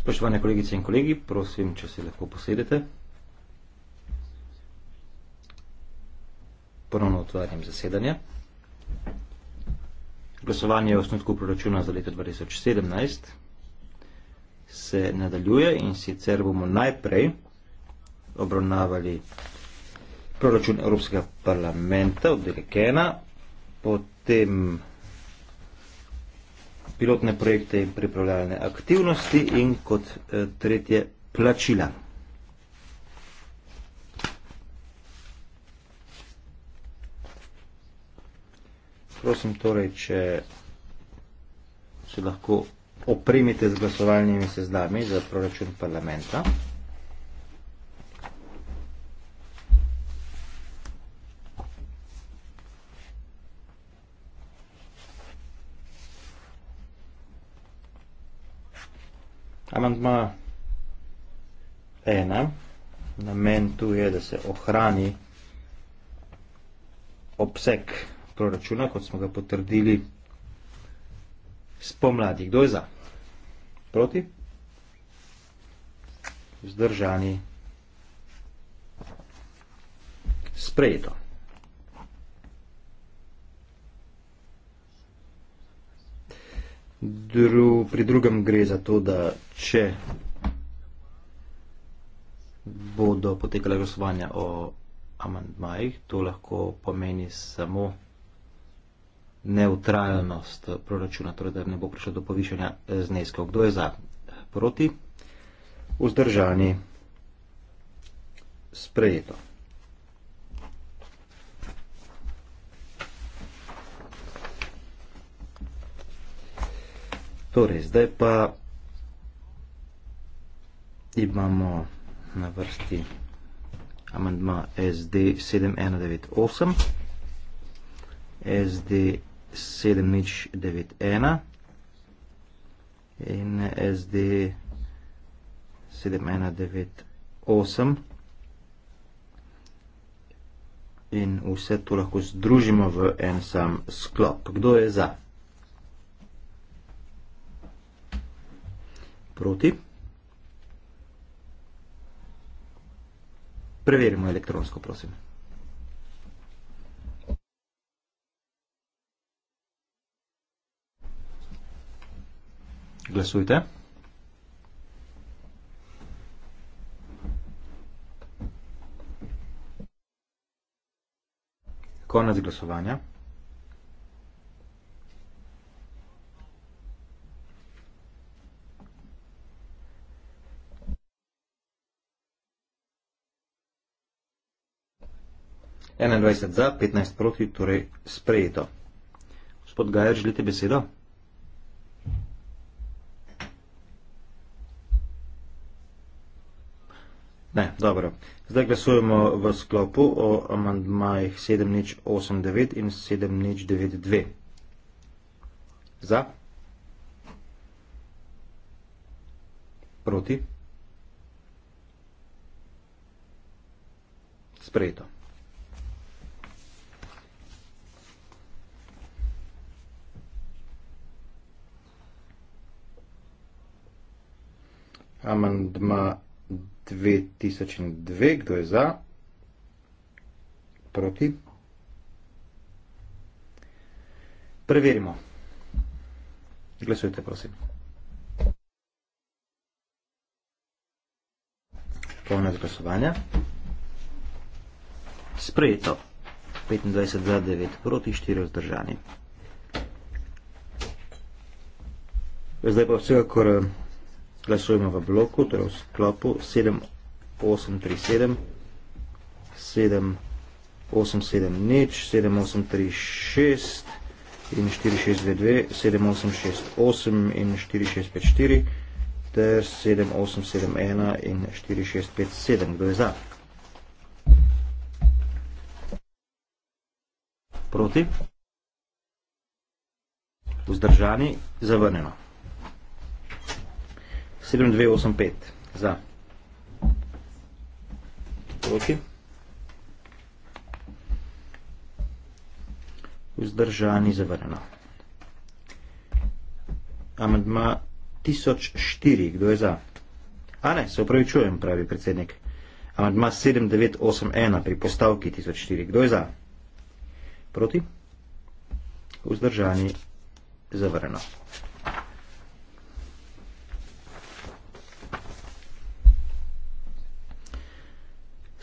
Spoštovane kolegice in kolegi, prosim, če se lahko posedete. Ponovno otvarjam zasedanje. Glasovanje o osnutku proračuna za leto 2017 se nadaljuje in sicer bomo najprej obravnavali proračun Evropskega parlamenta od Delekena, potem sistem pilotne projekte in pripravljalne aktivnosti in kot eh, tretje plačila. Prosim torej, če se lahko opremite z glasovalnimi sezdami za proračun parlamenta. Amandma ena, namen tu je, da se ohrani obseg proračuna, kot smo ga potrdili spomladi. Kdo je za? Proti? Vzdržani sprejeto. Dru, pri drugem gre za to, da če bodo potekala glasovanja o amantmajih, to lahko pomeni samo neutralnost proračuna, torej da ne bo prišlo do povišanja zneskov. Kdo je za? Proti? Vzdržani? Sprejeto. Torej, zdaj pa imamo na vrsti amandma SD 7198, SD 7091 in SD 7198. In vse to lahko združimo v en sam sklop. Kdo je za? proti. Preverimo elektronsko, prosim. Glasujte. Konec glasovanja. 21 za, 15 proti, torej sprejeto. Gospod Gajer, želite besedo? Ne, dobro. Zdaj glasujemo v sklopu o amandmajih 789 in 792. Za? Proti? Sprejeto. amandma 2002. Kdo je za? Proti? Preverimo. Glasujte, prosim. Konec glasovanja. Sprejeto. 25 za 9 proti 4 vzdržani. Zdaj pa vsega, kar... Kore glasujemo v bloku, torej v sklopu 7837, 787 nič, 7836 in 4622, 7868 in 4654 ter 7871 in 4657. Kdo je za? Proti? Vzdržani? Zavrneno. 7285 za. Proti. Vzdržani zavrnjeno. Amandma 1004, kdo je za? A ne, se upravičujem, pravi predsednik. Amandma 7981 pri postavki 1004, kdo je za? Proti. Vzdržani zavrnjeno.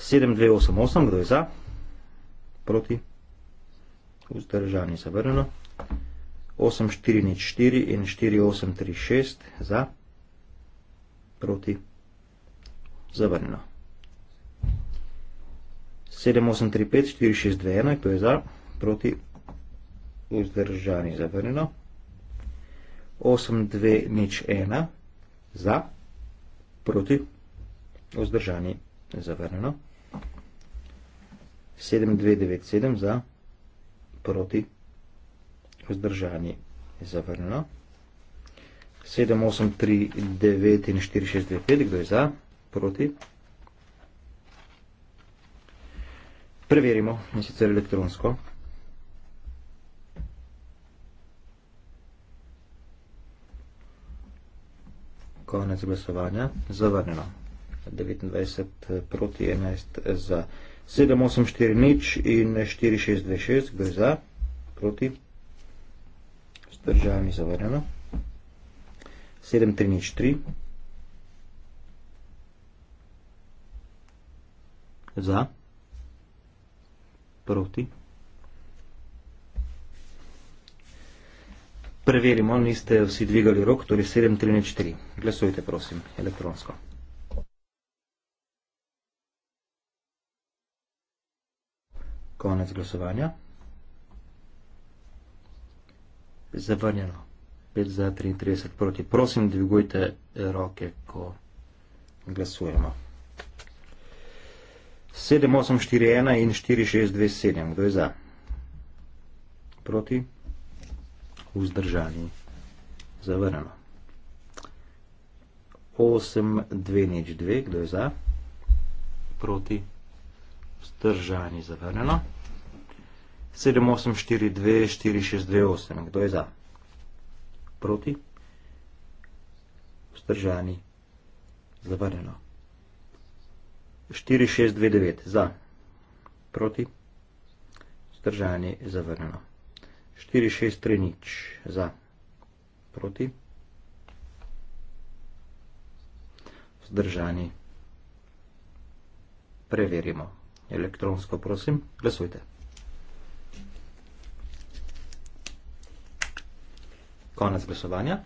7288, kdo je za? Proti? Vzdržani, zavrneno. 8404 in 4836, za? Proti? Zavrneno. 7835, 4621, kdo je za? Proti? Vzdržani, zavrneno. 8201, za? Proti? Vzdržani, zavrneno. 8204. 7297 za, proti, vzdržani je zavrnjeno. 7839 in 4625, kdo je za, proti. Preverimo, in sicer elektronsko. Konec glasovanja, zavrnjeno. 29 proti 11 za, proti. 7840 in 4626, gre za, proti, zdržani, zavrnjeno. 7303, za, proti. Preverimo, niste vsi dvigali rok, torej 7304. Glasujte, prosim, elektronsko. Konec glasovanja. Zavrnjeno. 5 za 33 proti. Prosim, dvigujte roke, ko glasujemo. 7, 8, 4, 1 in 4, 6, 2, 7. Kdo je za? Proti? Vzdržani. Zavrnjeno. 8, 2, nič 2. Kdo je za? Proti? Vzdržani. Zavrnjeno. Zavrnjeno. 7842-4628. Kdo je za? Proti? Vzdržani? Zavrnjeno. 4629 za. Proti? Vzdržani? Zavrnjeno. 4630 za. Proti? Vzdržani? Preverimo. Elektronsko prosim, glasujte. Konec glasovanja.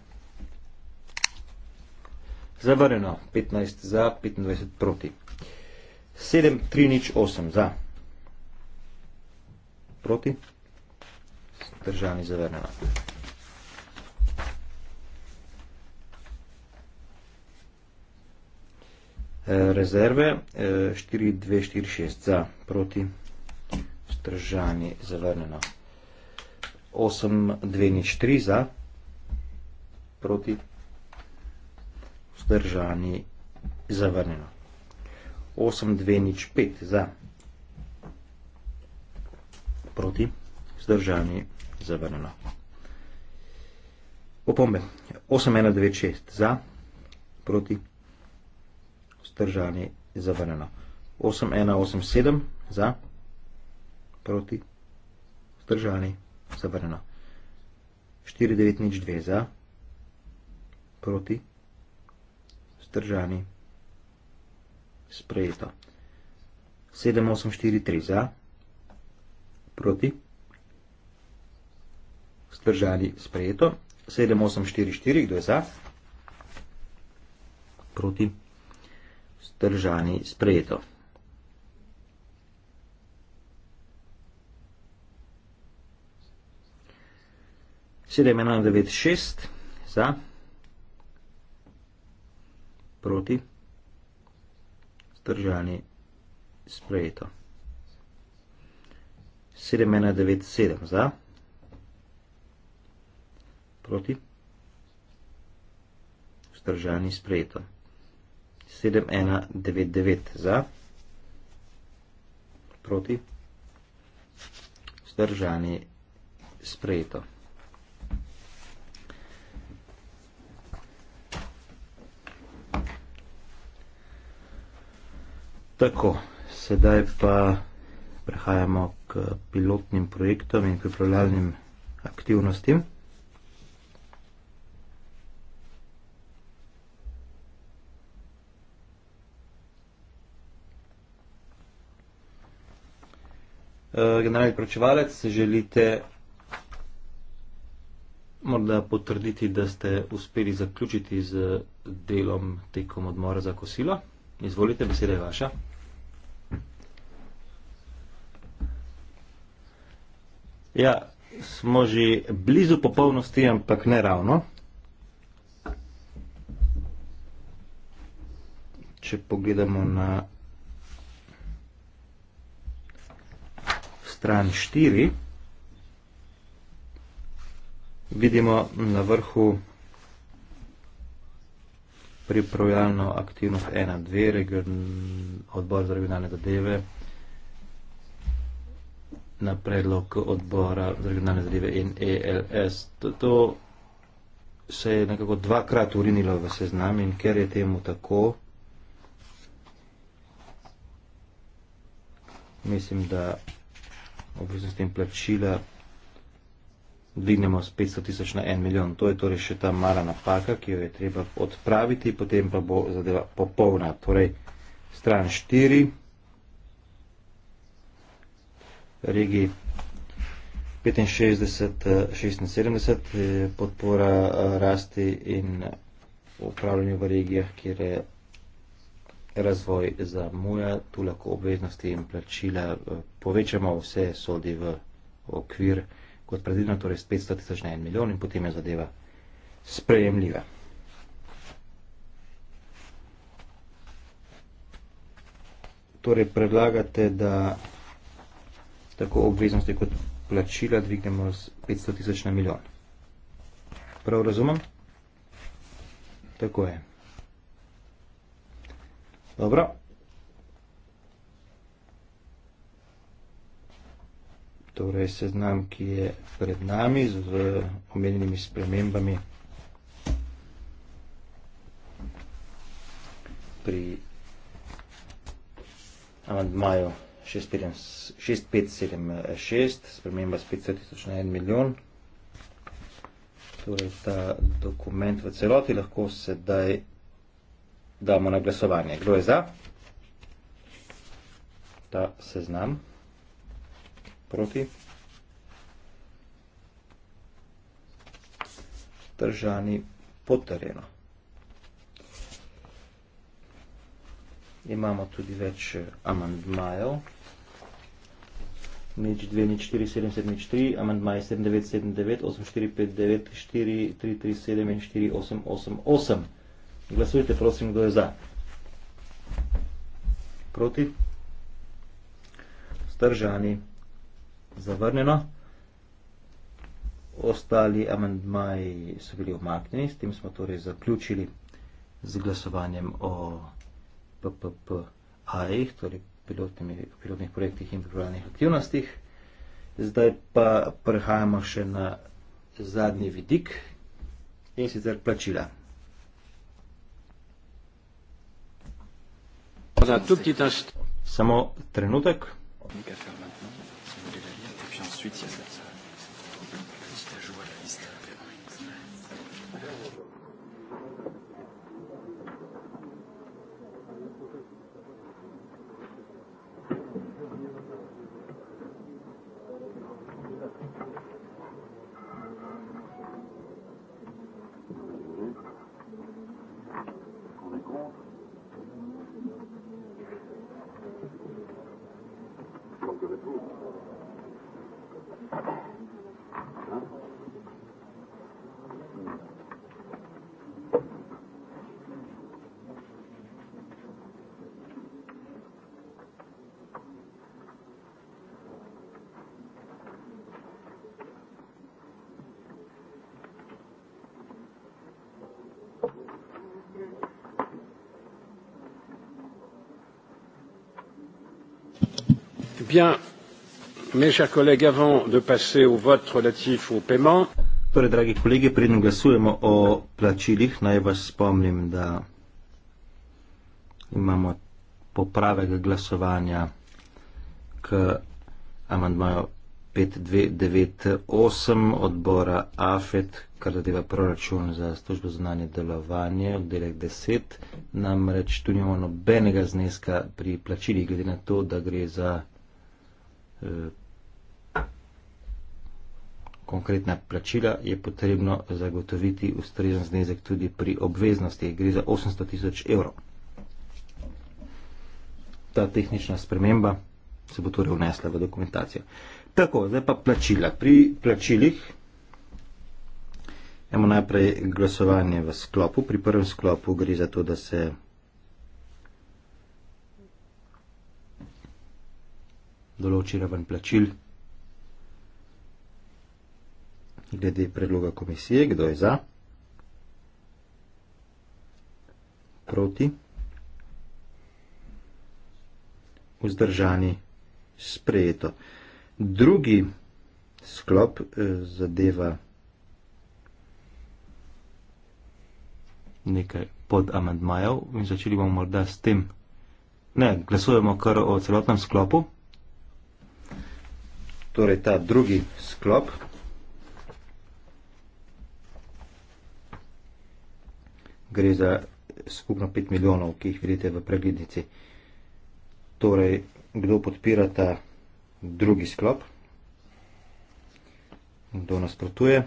Zavrjeno 15 za, 25 proti. 7, 3, nič, 8 za. Proti. Držani zavrjeno. E, rezerve 4, 2, 4, 6 za, proti, vzdržani, zavrneno, 8, 2, 3 za, proti proti, vzdržani, zavrnjeno. 8, 2, nič, 5, za, proti, vzdržani, zavrnjeno. Opombe, 8, 1, 2, 6, za, proti, vzdržani, zavrnjeno. 8, 1, 8, 7, za, proti, vzdržani, zavrnjeno. 4, 9, nič, 2, za, proti, proti, zdržani, sprejeto. 7, 8, 4, 3 za, proti, zdržani, sprejeto. 7, 8, 4, 4, kdo je za, proti, zdržani, sprejeto. Sedem, ena, devet, šest, za, proti, zdržani, sprejeto. 7197 za, proti, zdržani, sprejeto. 7199 za, proti, zdržani, sprejeto. 7198 za, proti, zdržani, sprejeto. Tako, sedaj pa prehajamo k pilotnim projektom in pripravljalnim aktivnostim. E, generalni pročevalec, želite morda potrditi, da ste uspeli zaključiti z delom tekom odmora za kosilo? Izvolite, beseda je vaša. Ja, smo že blizu popolnosti, ampak ne ravno. Če pogledamo na stran 4, vidimo na vrhu pripravljalno aktivnost 1-2, odbor za regionalne zadeve, na predlog odbora za regionalne zadeve in ELS. To, to se je nekako dvakrat urinilo v seznam in ker je temu tako, mislim, da obveznost in plačila dvignemo z 500 tisoč na 1 milijon. To je torej še ta mala napaka, ki jo je treba odpraviti, potem pa bo zadeva popolna. Torej, stran 4, regi 65-76, podpora eh, rasti in upravljanju v regijah, kjer je razvoj za muja, tu lahko obveznosti in plačila eh, povečamo, vse sodi v okvir kot predvidno, torej s 500 tisoč na 1 milijon in potem je zadeva sprejemljiva. Torej predlagate, da tako obveznosti kot plačila dvignemo z 500 tisoč na milijon. Prav razumem? Tako je. Dobro. torej seznam, ki je pred nami z omenjenimi spremembami pri amandmaju 6576, sprememba s 500 tisoč na 1 milijon. Torej ta dokument v celoti lahko sedaj damo na glasovanje. Kdo je za? Ta seznam proti. Držani potrjeno. Imamo tudi več eh, amandmajev. Nič 2, nič 4, 7, 7, nič 3, amandmaj 7, 9, 7, 9, 8, 4, 5, 9, 4, 3, 3, 7 in 4, 8, 8, 8. Glasujte, prosim, kdo je za. Proti. Stržani zavrnjeno. Ostali amendmaji so bili omaknjeni, s tem smo torej zaključili z glasovanjem o PPP-ajih, torej pilotnih projektih in pripravljenih aktivnostih. Zdaj pa prehajamo še na zadnji vidik in sicer plačila. Samo trenutek contenu qu'à faire maintenant. C'est une la liste. Et puis ensuite, il y a cette liste à jouer à la liste. À la liste. Bien, mes chers collègues, avant de passer au vote relatif au paiement. Torej, dragi kolegi, preden glasujemo o plačilih, naj vas spomnim, da imamo popravek glasovanja k amandmaju 5298 odbora AFET, kar zadeva proračun za službo znanje delovanje, oddelek 10. Namreč tu nimamo nobenega zneska pri plačilih, glede na to, da gre za Eh, konkretna plačila, je potrebno zagotoviti ustrezen znezek tudi pri obveznosti. Gre za 800 tisoč evrov. Ta tehnična sprememba se bo torej vnesla v dokumentacijo. Tako, zdaj pa plačila. Pri plačilih imamo najprej glasovanje v sklopu. Pri prvem sklopu gre za to, da se določi raven plačil. Glede predloga komisije, kdo je za? Proti? Vzdržani? Sprejeto. Drugi sklop eh, zadeva nekaj pod amandmajev in začeli bomo morda s tem. Ne, glasujemo kar o celotnem sklopu torej ta drugi sklop. Gre za skupno 5 milijonov, ki jih vidite v preglednici. Torej, kdo podpira ta drugi sklop? Kdo nasprotuje?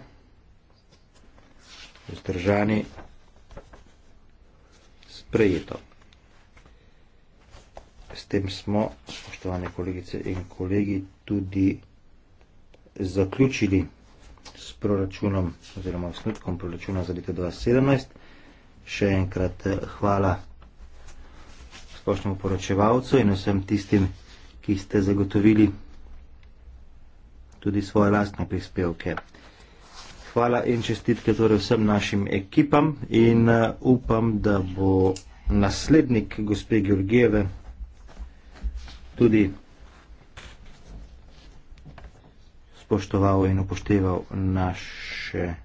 Vzdržani sprejeto. S tem smo, spoštovane kolegice in kolegi, tudi vzdržani zaključili s proračunom oziroma osnutkom proračuna za leto 2017. Še enkrat eh, hvala splošnemu poročevalcu in vsem tistim, ki ste zagotovili tudi svoje lastne prispevke. Hvala in čestitke torej vsem našim ekipam in eh, upam, da bo naslednik gospe Georgijeve tudi spoštoval in upošteval naše,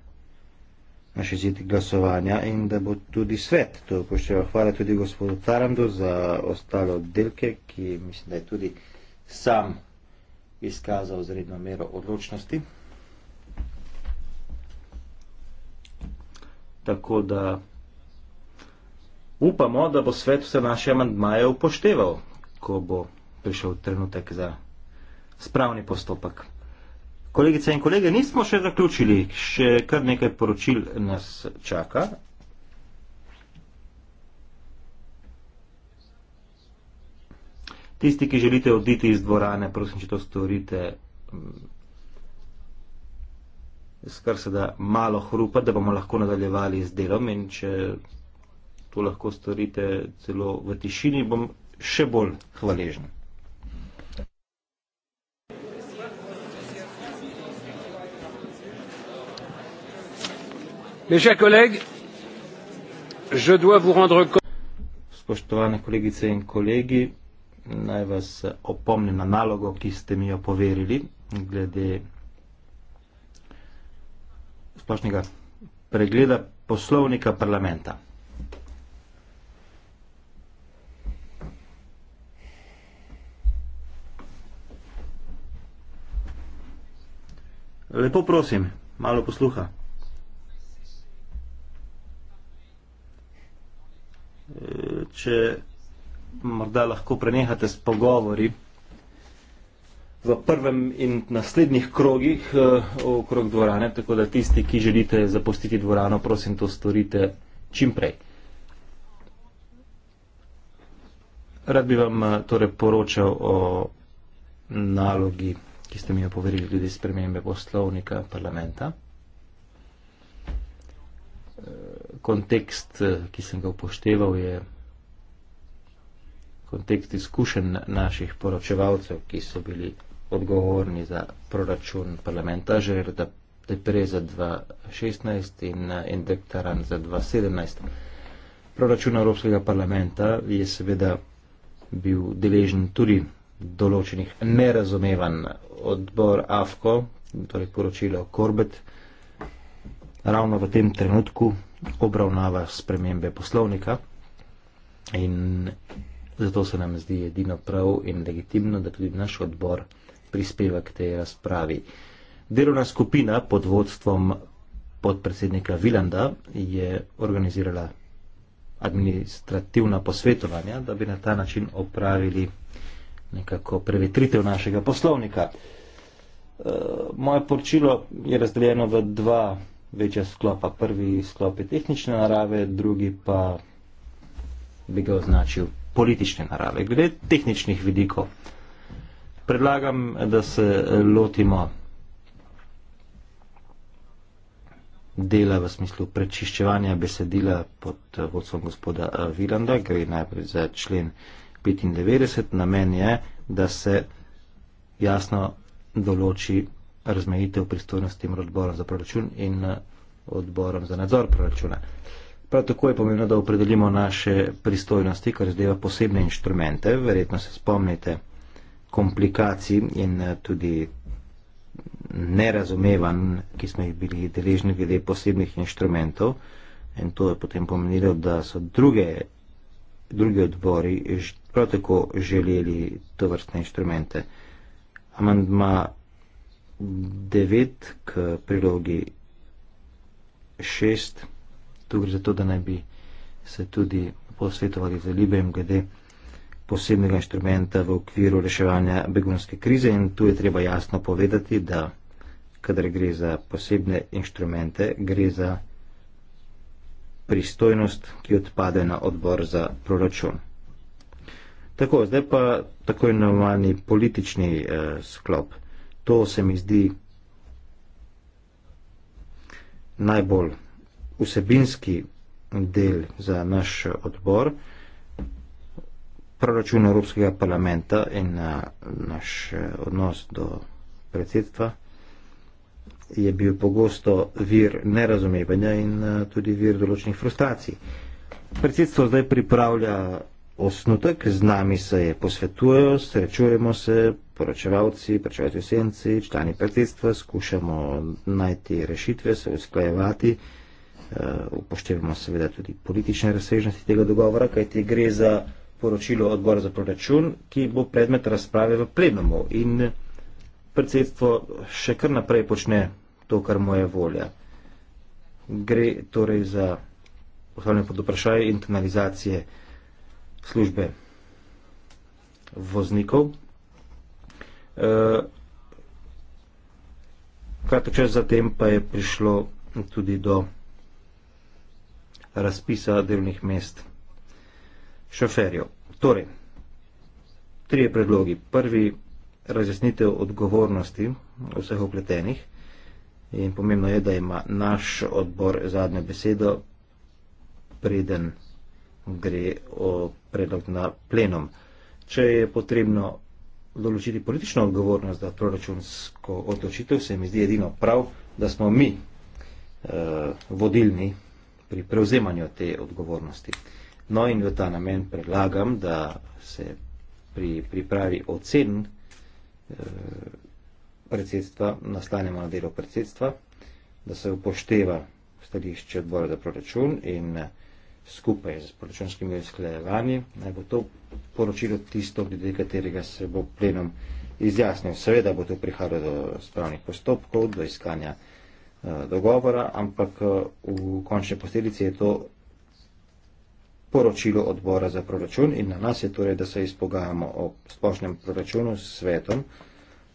naše zid glasovanja in da bo tudi svet to upošteval. Hvala tudi gospodu Tarandu za ostale oddelke, ki mislim, da je tudi sam izkazal zredno mero odločnosti. Tako da upamo, da bo svet vse naše amandmaje upošteval, ko bo prišel trenutek za spravni postopek. Kolegice in kolege, nismo še zaključili, še kar nekaj poročil nas čaka. Tisti, ki želite oditi iz dvorane, prosim, če to storite, skar mm, se da malo hrupa, da bomo lahko nadaljevali z delom in če to lahko storite celo v tišini, bom še bolj hvaležen. Mes chers collègues, je dois vous rendre compte. Spoštovane kolegice in kolegi, naj vas opomnim na nalogo, ki ste mi jo poverili glede splošnega pregleda poslovnika parlamenta. Lepo prosim, malo posluha. če morda lahko prenehate s pogovori v prvem in naslednjih krogih eh, okrog dvorane, tako da tisti, ki želite zapustiti dvorano, prosim to storite čim prej. Rad bi vam eh, torej poročal o nalogi, ki ste mi jo poverili glede spremembe poslovnika parlamenta. Eh, kontekst, eh, ki sem ga upošteval, je kontekst izkušenj naših poročevalcev, ki so bili odgovorni za proračun parlamenta, že da te prej za 2016 in eh, indektaran za 2017. Proračun Evropskega parlamenta je seveda bil deležen tudi določenih nerazumevan odbor AFKO, torej poročilo Korbet, ravno v tem trenutku obravnava spremembe poslovnika in zato se nam zdi edino prav in legitimno, da tudi naš odbor prispeva k tej razpravi. Delovna skupina pod vodstvom podpredsednika Vilanda je organizirala administrativna posvetovanja, da bi na ta način opravili nekako prevetritev našega poslovnika. Eh, moje poročilo je razdeljeno v dva večja sklopa. Prvi sklop je tehnične narave, drugi pa bi ga označil politične narave. Glede tehničnih vidikov, predlagam, da se lotimo dela v smislu prečiščevanja besedila pod vodstvom gospoda eh, Vilanda, gre najprej za člen 95. Namen je, da se jasno določi razmejitev pristojnosti med odborom za proračun in eh, odborom za nadzor proračuna. Prav tako je pomembno, da opredelimo naše pristojnosti, kar zadeva posebne inštrumente. Verjetno se spomnite komplikacij in eh, tudi nerazumevanj, ki smo jih bili deležni glede posebnih inštrumentov. In to je potem pomenilo, da so druge, druge odbori prav tako želeli to vrstne inštrumente. Amandma 9 k prilogi 6. Tu gre za to, da naj bi se tudi posvetovali z Libijem glede posebnega inštrumenta v okviru reševanja begunske krize in tu je treba jasno povedati, da kadar gre za posebne inštrumente, gre za pristojnost, ki odpade na odbor za proračun. Tako, zdaj pa tako imenovani politični eh, sklop. To se mi zdi najbolj vsebinski del za naš odbor. Proračun Evropskega parlamenta in na eh, naš eh, odnos do predsedstva je bil pogosto vir nerazumevanja in eh, tudi vir določenih frustracij. Predsedstvo zdaj pripravlja osnutek, z nami se je posvetujejo, srečujemo se, poročevalci, poročevalci v senci, člani predsedstva, skušamo najti rešitve, se usklajevati. Eh, upoštevamo seveda tudi politične razsežnosti tega dogovora, kajti gre za poročilo odbora za proračun, ki bo predmet razprave v plenumu in predsedstvo še kar naprej počne to, kar mu je volja. Gre torej za postavljanje pod vprašanje internalizacije službe voznikov, Kratek čas zatem pa je prišlo tudi do razpisa delovnih mest šoferjev. Torej, tri predlogi. Prvi, razjasnitev odgovornosti vseh upletenih. In pomembno je, da ima naš odbor zadnjo besedo, preden gre o predlog na plenum. Če je potrebno določiti politično odgovornost za proračunsko odločitev, se mi zdi edino prav, da smo mi eh, vodilni pri prevzemanju te odgovornosti. No in v ta namen predlagam, da se pri pripravi ocen eh, predsedstva, nastanemo na delo predsedstva, da se upošteva stališče odbora za proračun in eh, skupaj z proračunskimi usklajevanji, naj bo to poročilo tisto, glede katerega se bo plenom izjasnil. Seveda bo to prihajalo do spravnih postopkov, do iskanja eh, dogovora, ampak eh, v končni posledici je to poročilo odbora za proračun in na nas je torej, da se izpogajamo o splošnem proračunu s svetom,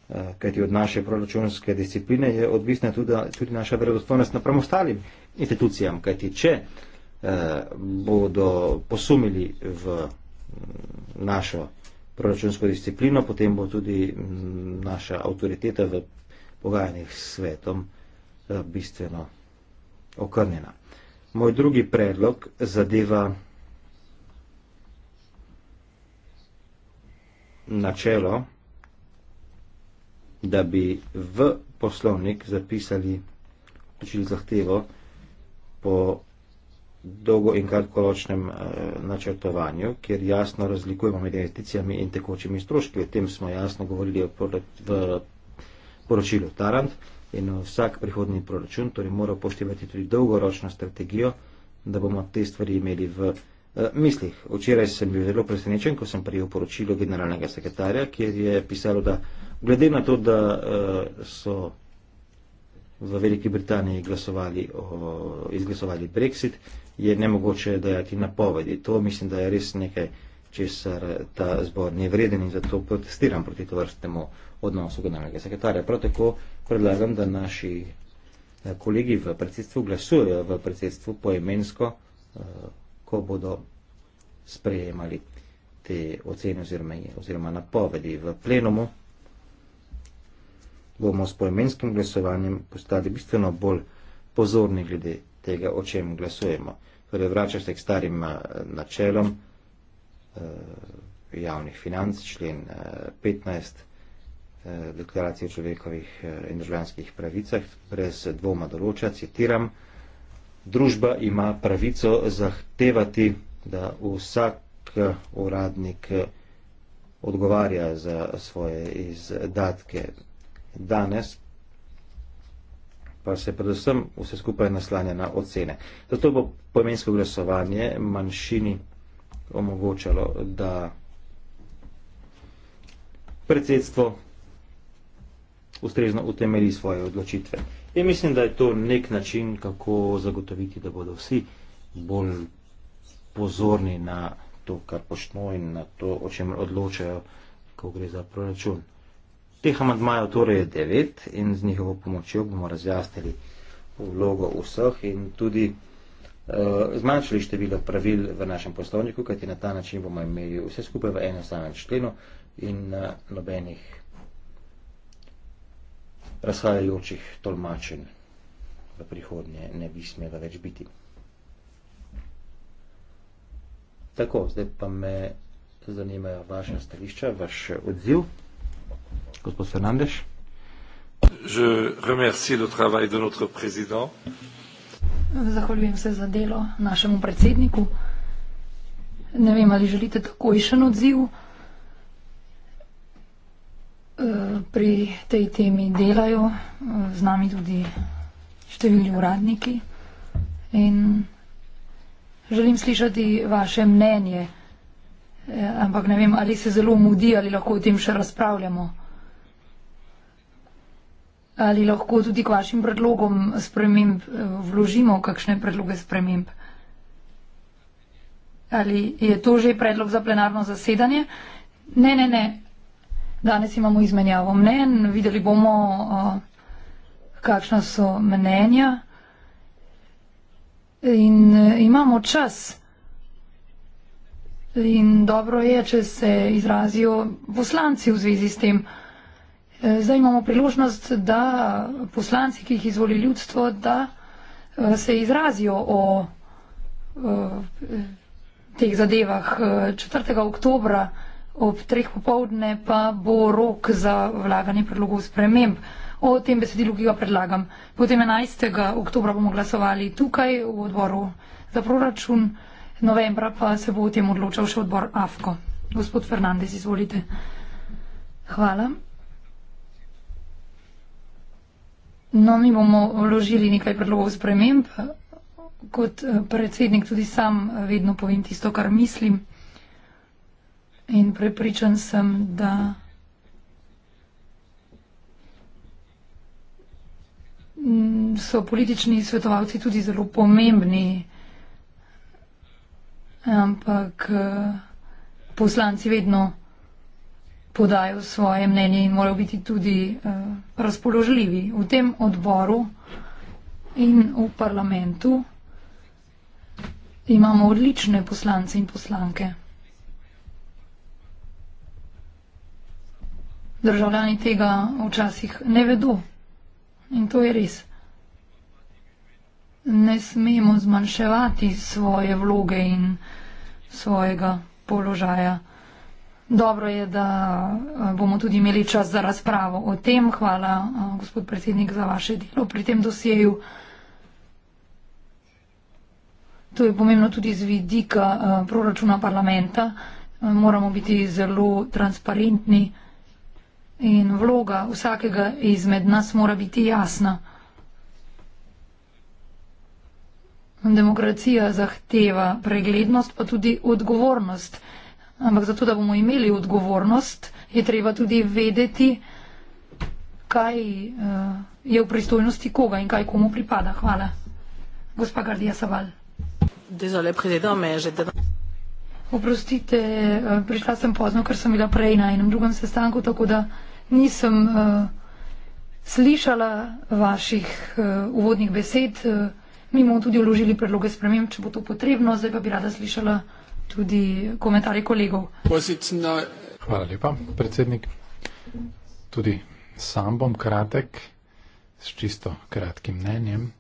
eh, kajti od naše proračunske discipline je odvisna tudi, tudi naša verodostojnost napram ostalim institucijam, kajti če Eh, bodo posumili v mm, našo proračunsko disciplino, potem bo tudi mm, naša avtoriteta v pogajanjih s svetom eh, bistveno okrnjena. Moj drugi predlog zadeva načelo, da bi v poslovnik zapisali, zahtevo po dolgo in kratkoročnem eh, načrtovanju, kjer jasno razlikujemo med investicijami in tekočimi stroški. O tem smo jasno govorili v poročilu Tarant in vsak prihodni proračun torej mora poštevati tudi dolgoročno strategijo, da bomo te stvari imeli v eh, mislih. Včeraj sem bil zelo presenečen, ko sem prijel poročilo generalnega sekretarja, kjer je pisalo, da glede na to, da eh, so v Veliki Britaniji glasovali o, izglasovali Brexit, je nemogoče dajati napovedi. To mislim, da je res nekaj, česar ta zbor ni vreden in zato protestiram proti to vrstnemu odnosu generalnega sekretarja. Prav tako predlagam, da naši eh, kolegi v predsedstvu glasujejo v predsedstvu poemensko, eh, ko bodo sprejemali te ocene oziroma, oziroma napovedi v plenumu bomo s poemenskim glasovanjem postali bistveno bolj pozorni glede tega, o čem glasujemo. Torej, vrača se k starim eh, načelom eh, javnih financ, člen 15 eh, deklaracije o človekovih in državljanskih pravicah, brez dvoma določa, citiram, družba ima pravico zahtevati, da vsak uradnik odgovarja za svoje izdatke. Danes pa se predvsem vse skupaj naslanja na ocene. Zato bo pomensko glasovanje manjšini omogočalo, da predsedstvo ustrezno utemeli svoje odločitve. In mislim, da je to nek način, kako zagotoviti, da bodo vsi bolj pozorni na to, kar počnejo in na to, o čem odločajo, ko gre za proračun. Teh amadmajev torej je devet in z njihovo pomočjo bomo razjasnili vlogo vseh in tudi uh, zmanjšali število pravil v našem poslovniku, kajti na ta način bomo imeli vse skupaj v enem samem členu in na nobenih razhajajočih tolmačen v prihodnje ne bi smelo več biti. Tako, zdaj pa me zanimajo vaše stališča, vaš odziv. Mm. Gospod Fernandez. Je remercie le travail de notre président. Zahvaljujem se za delo našemu predsedniku. Ne vem, ali želite takojšen odziv eh, pri tej temi delajo eh, z nami tudi številni uradniki in želim slišati vaše mnenje, eh, ampak ne vem, ali se zelo mudi, ali lahko o tem še razpravljamo. Ali lahko tudi k vašim predlogom sprememb eh, vložimo kakšne predloge sprememb? Ali je to že predlog za plenarno zasedanje? Ne, ne, ne. Danes imamo izmenjavo mnen, videli bomo, eh, kakšna so mnenja. In eh, imamo čas. In dobro je, če se izrazijo poslanci v zvezi s tem, Eh, zdaj imamo priložnost, da poslanci, ki jih izvoli ljudstvo, da eh, se izrazijo o eh, teh zadevah. 4. oktobra ob treh popovdne pa bo rok za vlaganje predlogov sprememb. O tem besedilu, ki ga predlagam. Potem 11. oktobra bomo glasovali tukaj v odboru za proračun, novembra pa se bo o tem odločal še odbor AFKO. Gospod Fernandez, izvolite. Hvala. No, mi bomo vložili nekaj predlogov sprememb. Kot eh, predsednik tudi sam eh, vedno povem tisto, kar mislim. In prepričan sem, da. So politični svetovalci tudi zelo pomembni, ampak eh, poslanci vedno podajo svoje mnenje in morajo biti tudi uh, razpoložljivi v tem odboru in v parlamentu. Imamo odlične poslance in poslanke. Državljani tega včasih ne vedo. In to je res. Ne smemo zmanjševati svoje vloge in svojega položaja. Dobro je, da eh, bomo tudi imeli čas za razpravo o tem. Hvala, eh, gospod predsednik, za vaše delo pri tem dosjeju. To je pomembno tudi z vidika eh, proračuna parlamenta. Moramo biti zelo transparentni in vloga vsakega izmed nas mora biti jasna. Demokracija zahteva preglednost, pa tudi odgovornost. Ampak zato, da bomo imeli odgovornost, je treba tudi vedeti, kaj eh, je v pristojnosti koga in kaj komu pripada. Hvala. Gospa Gardija Saval. Dezole, predvidevam, me je že dan. Oprostite, eh, prišla sem pozno, ker sem bila prej na enem drugem sestanku, tako da nisem uh, slišala vaših uh, uvodnih besed. Uh, mi bomo tudi vložili predloge sprememb, če bo to potrebno. Zdaj pa bi rada slišala uh, tudi komentarji kolegov. Hvala lepa, predsednik. Tudi sam bom kratek, s čisto kratkim mnenjem.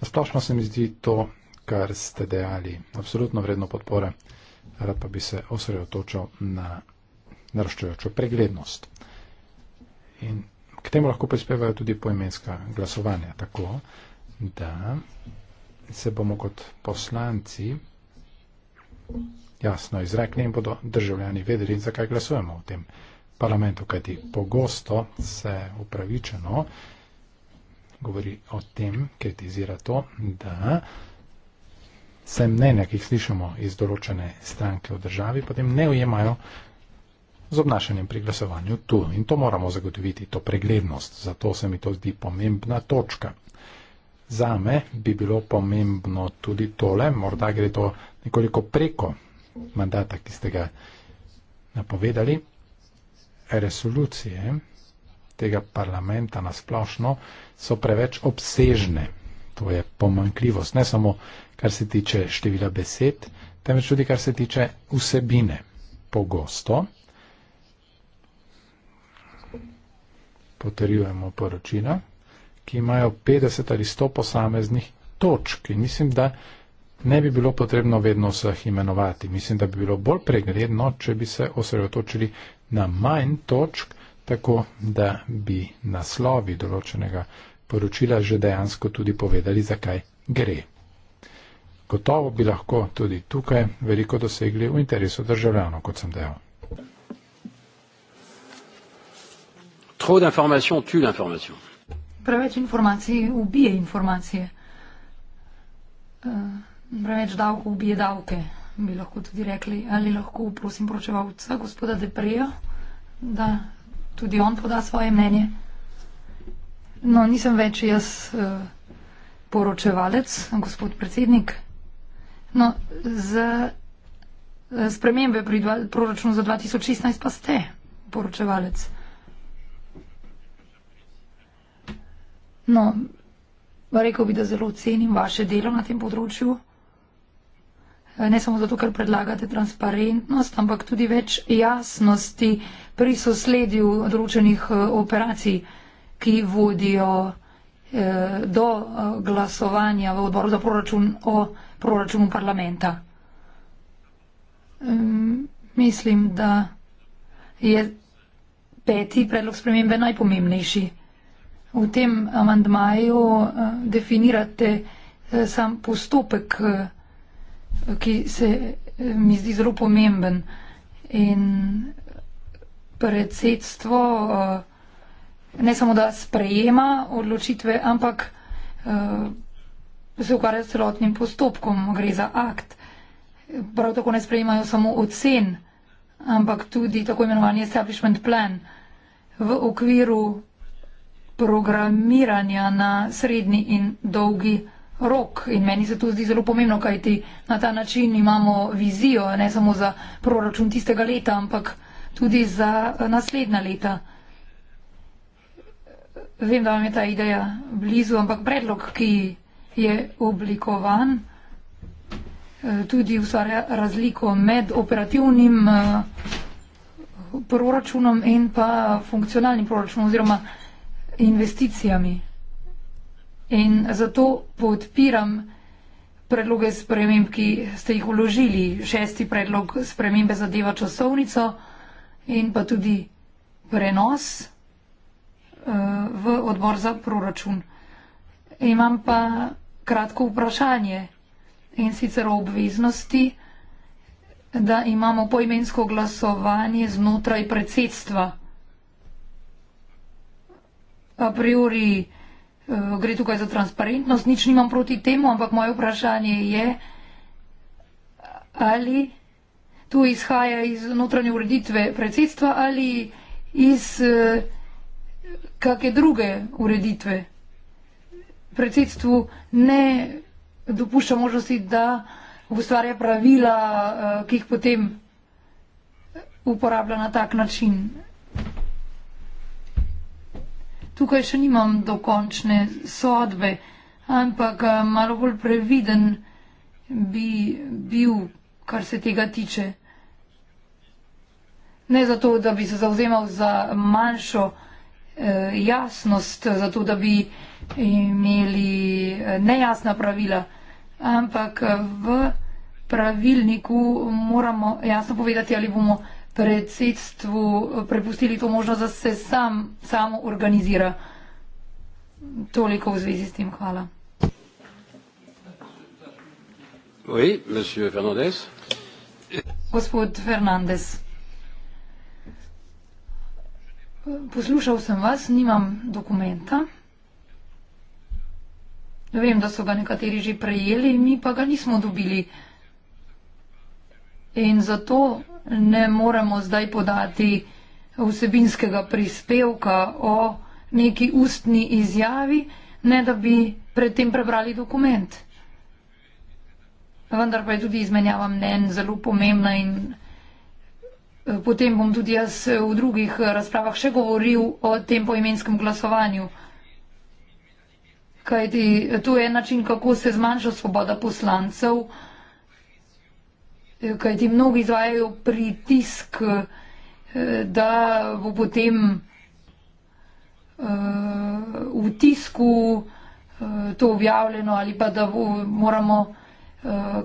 Nasplošno se mi zdi to, kar ste dejali, absolutno vredno podpore, rad pa bi se osredotočil na naraščajočo preglednost. In k temu lahko prispevajo tudi poimenska glasovanja, tako da se bomo kot poslanci jasno izrekli in bodo državljani vedeli, zakaj glasujemo v tem parlamentu, kajti pogosto se upravičeno govori o tem, kritizira to, da se mnenja, ki jih slišimo iz določene stranke v državi, potem ne ujemajo z obnašanjem pri glasovanju tu. In to moramo zagotoviti, to preglednost. Zato se mi to zdi pomembna točka. Zame bi bilo pomembno tudi tole, morda gre to nekoliko preko mandata, ki ste ga napovedali, resolucije tega parlamenta nasplošno so preveč obsežne. To je pomankljivost, ne samo kar se tiče števila besed, temveč tudi kar se tiče vsebine. Pogosto potrjujemo poročila ki imajo 50 ali 100 posameznih točk. In mislim, da ne bi bilo potrebno vedno vseh imenovati. Mislim, da bi bilo bolj pregledno, če bi se osredotočili na manj točk, tako da bi naslovi določenega poročila že dejansko tudi povedali, zakaj gre. Gotovo bi lahko tudi tukaj veliko dosegli v interesu državljanov, kot sem dejal. Trop d'informations tue l'information. Preveč informacij ubije informacije. Eh, preveč davkov ubije davke, bi lahko tudi rekli. Ali lahko prosim poročevalca, gospoda Deprija, da tudi on poda svoje mnenje? No, nisem več jaz eh, poročevalec, gospod predsednik. No, za eh, spremembe pri proračunu za 2016 pa ste poročevalec. No, rekel bi, da zelo cenim vaše delo na tem področju. Ne samo zato, ker predlagate transparentnost, ampak tudi več jasnosti pri sosledju odročenih eh, operacij, ki vodijo eh, do eh, glasovanja v odboru za proračun o proračunu parlamenta. Mislim, da je peti predlog spremembe najpomembnejši v tem amandmaju eh, definirate eh, sam postopek, eh, ki se mi zdi zelo pomemben. In predsedstvo ne samo da sprejema odločitve, ampak se ukvarja s celotnim postopkom, gre za akt. Prav tako ne sprejemajo samo ocen, ampak tudi tako imenovani establishment plan v okviru programiranja na srednji in dolgi rok. In meni se to zdi zelo pomembno, kajti na ta način imamo vizijo ne samo za proračun tistega leta, ampak tudi za eh, naslednja leta. Vem, da vam je ta ideja blizu, ampak predlog, ki je oblikovan, eh, tudi ustvarja razliko med operativnim eh, proračunom in pa funkcionalnim proračunom oziroma investicijami. In zato podpiram predloge sprememb, ki ste jih vložili, šesti predlog spremembe zadeva časovnico in pa tudi prenos eh, v odbor za proračun. Imam pa kratko vprašanje in sicer o obveznosti, da imamo poimensko glasovanje znotraj predsedstva a priori eh, gre tukaj za transparentnost, nič nimam proti temu, ampak moje vprašanje je, ali to izhaja iz notranje ureditve predsedstva ali iz eh, kakšne druge ureditve. Predsedstvu ne dopušča možnosti, da ustvarja pravila, eh, ki jih potem uporablja na tak način tukaj še nimam dokončne sodbe, ampak eh, malo bolj previden bi bil, kar se tega tiče. Ne zato, da bi se zauzemal za manjšo eh, jasnost, zato, da bi imeli eh, nejasna pravila, ampak eh, v pravilniku moramo jasno povedati, ali bomo predsedstvu prepustili to možnost, da se sam, samo organizira. Toliko v zvezi s tem. Hvala. Oui, Fernandez. Gospod Fernandez, poslušal sem vas, nimam dokumenta. Ja vem, da so ga nekateri že prejeli, mi pa ga nismo dobili. In zato ne moremo zdaj podati vsebinskega prispevka o neki ustni izjavi, ne da bi predtem prebrali dokument. Vendar pa je tudi izmenjava mnen zelo pomembna in eh, potem bom tudi jaz eh, v drugih razpravah še govoril o tem poimenskem glasovanju. Kajti eh, to je način, kako se zmanjša svoboda poslancev kaj ti mnogi izvajajo pritisk, eh, da bo potem eh, v tisku eh, to objavljeno ali pa da moramo,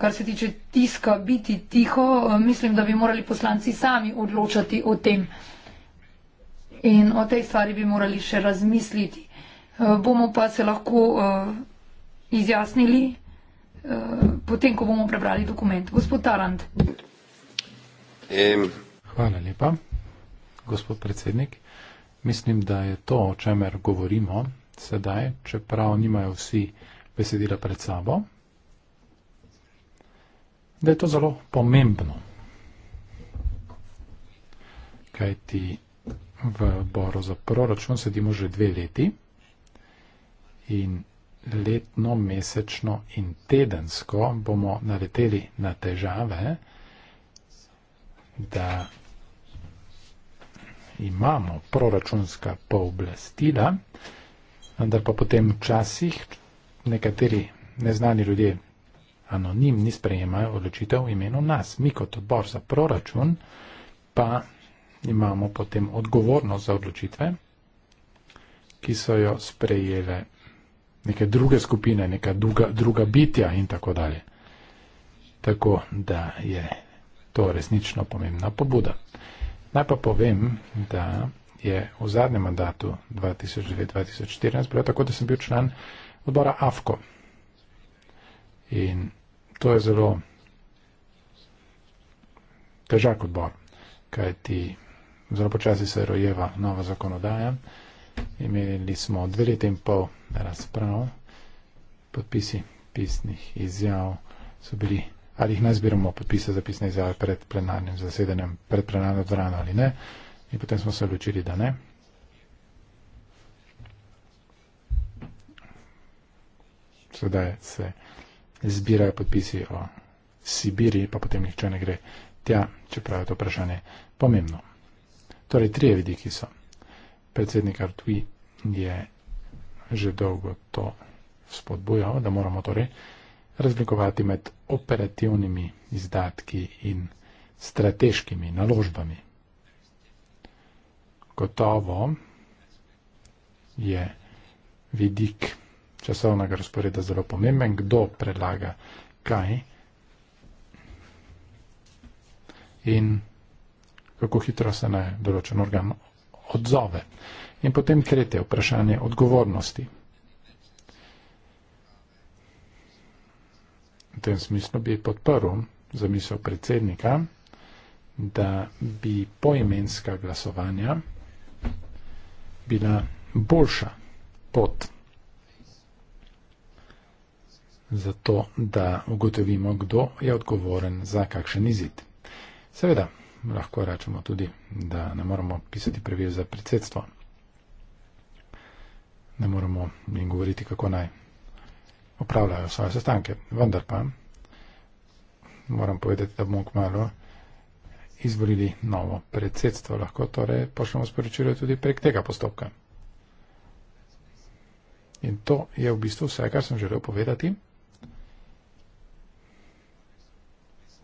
kar se tiče tiska, biti tiho. Mislim, da bi morali poslanci sami odločati o tem in o tej stvari bi morali še razmisliti. Bomo pa se lahko izjasnili. Eh, potem, ko bomo prebrali dokument. Gospod Tarant. Em. Hvala lepa, gospod predsednik. Mislim, da je to, o čemer govorimo sedaj, čeprav nimajo vsi besedila pred sabo, da je to zelo pomembno. Kaj ti v boru za proračun sedimo že dve leti in letno, mesečno in tedensko bomo naleteli na težave, da imamo proračunska pooblastila, vendar pa potem včasih nekateri neznani ljudje anonimni sprejemajo odločitev v imenu nas. Mi kot odbor za proračun pa imamo potem odgovornost za odločitve, ki so jo sprejele neke druge skupine, neka druga, druga bitja in tako dalje. Tako da je to resnično pomembna pobuda. Naj pa povem, da je v zadnjem mandatu 2009-2014 bilo tako, da sem bil član odbora AFKO. In to je zelo težak odbor, kajti zelo počasi se rojeva nova zakonodaja. Imeli smo dve leti in pol razprav, podpisi pisnih izjav so bili, ali jih nazbiramo podpise za pisne izjave pred plenarnim zasedanjem, pred plenarno dvorano ali ne. In potem smo se odločili, da ne. Sedaj se zbirajo podpisi o Sibiriji, pa potem nihče ne gre tja, čeprav je to vprašanje pomembno. Torej, trije vidiki so predsednik Artui je že dolgo to spodbujal, da moramo torej razlikovati med operativnimi izdatki in strateškimi naložbami. Gotovo je vidik časovnega razporeda zelo pomemben, kdo predlaga kaj in kako hitro se na določen organ odzove. In potem tretje vprašanje odgovornosti. V tem smislu bi podprl zamisel predsednika, da bi poimenska glasovanja bila boljša pot za to, da ugotovimo, kdo je odgovoren za kakšen izid. Seveda, lahko rečemo tudi, da ne moremo pisati pravil za predsedstvo. Ne moremo jim govoriti, kako naj opravljajo svoje sestanke. Vendar pa moram povedati, da bomo kmalo izvolili novo predsedstvo. Lahko torej pošljemo sporočilo tudi prek tega postopka. In to je v bistvu vse, kar sem želel povedati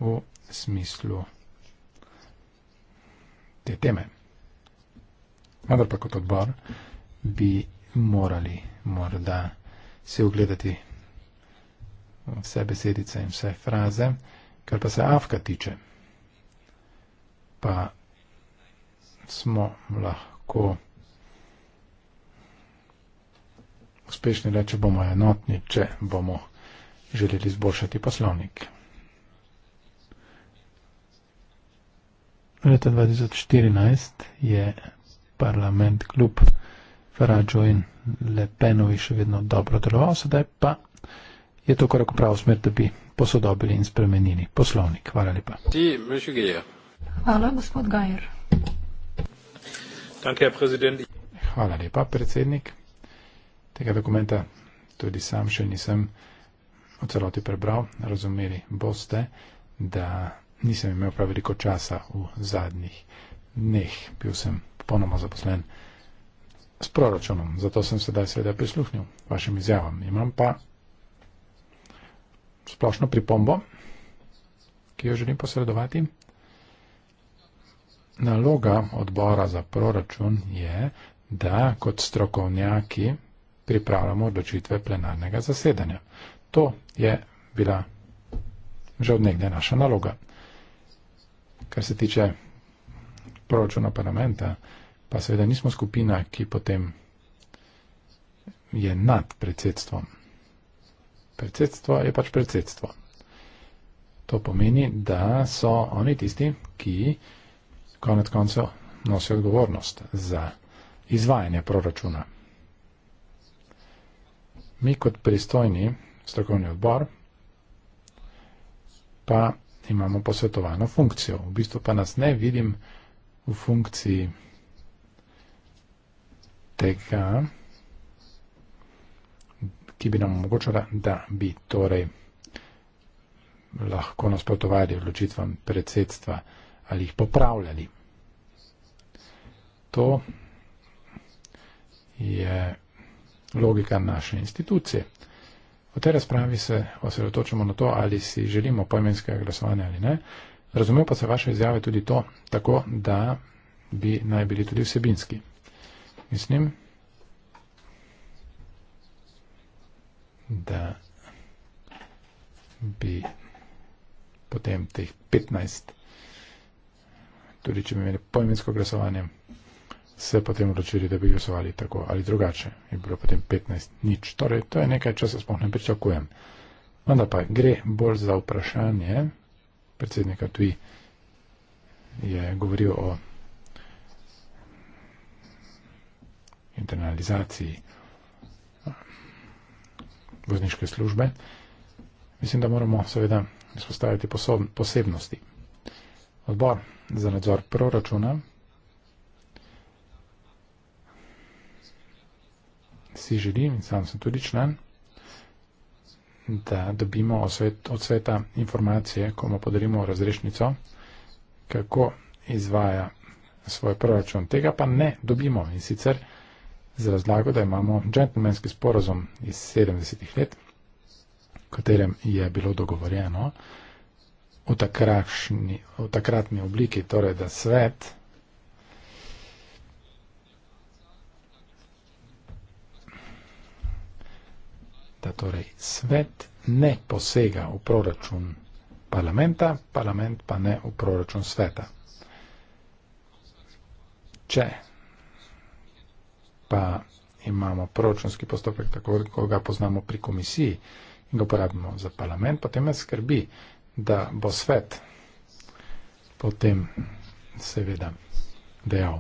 v smislu te teme. Vendar pa kot odbor bi morali morda se ogledati vse besedice in vse fraze, kar pa se Afka tiče, pa smo lahko uspešni le, če bomo enotni, če bomo želeli izboljšati poslovnik. leta 2014 je parlament kljub Farađo in Lepenovi še vedno dobro deloval, sedaj pa je to korak v pravo smer, da bi posodobili in spremenili poslovnik. Hvala lepa. Hvala, gospod Gajer. Hvala lepa, predsednik. Tega dokumenta tudi sam še nisem v celoti prebral. Razumeli boste, da nisem imel prav veliko časa v zadnjih dneh, bil sem ponoma zaposlen s proračunom, zato sem sedaj seveda prisluhnil vašim izjavam. Imam pa splošno pripombo, ki jo želim posredovati. Naloga odbora za proračun je, da kot strokovnjaki pripravljamo odločitve plenarnega zasedanja. To je bila že od nekdaj naša naloga. Kar se tiče proračuna parlamenta, pa seveda nismo skupina, ki potem je nad predsedstvom. Predsedstvo je pač predsedstvo. To pomeni, da so oni tisti, ki konec koncev nosijo odgovornost za izvajanje proračuna. Mi kot pristojni strokovni odbor pa imamo posvetovano funkcijo. V bistvu pa nas ne vidim v funkciji tega, ki bi nam omogočala, da bi torej lahko nasprotovali odločitvam predsedstva ali jih popravljali. To je logika naše institucije. V tej razpravi se osredotočamo na to, ali si želimo pojmenskega glasovanja ali ne. Razumel pa se vaše izjave tudi to, tako da bi naj bili tudi vsebinski. Mislim, da bi potem teh 15, tudi če bi imeli pojmensko glasovanje, se potem odločili, da bi glasovali tako ali drugače. Je bilo potem 15 nič. Torej, to je nekaj, če se sploh ne pričakujem. Vendar pa gre bolj za vprašanje. Predsednika tu je govoril o internalizaciji vozniške službe. Mislim, da moramo seveda izpostaviti posebnosti. Odbor za nadzor proračuna si želim, in sam sem tudi član, da dobimo od sveta informacije, ko mu podarimo razrešnico, kako izvaja svoj proračun. Tega pa ne dobimo in sicer z razlago, da imamo džentlmenski sporozum iz 70-ih let, katerem je bilo dogovorjeno v, takrašni, v takratni obliki, torej da svet da torej svet ne posega v proračun parlamenta, parlament pa ne v proračun sveta. Če pa imamo proračunski postopek, tako kot ga poznamo pri komisiji in ga uporabimo za parlament, potem me skrbi, da bo svet potem seveda dejal,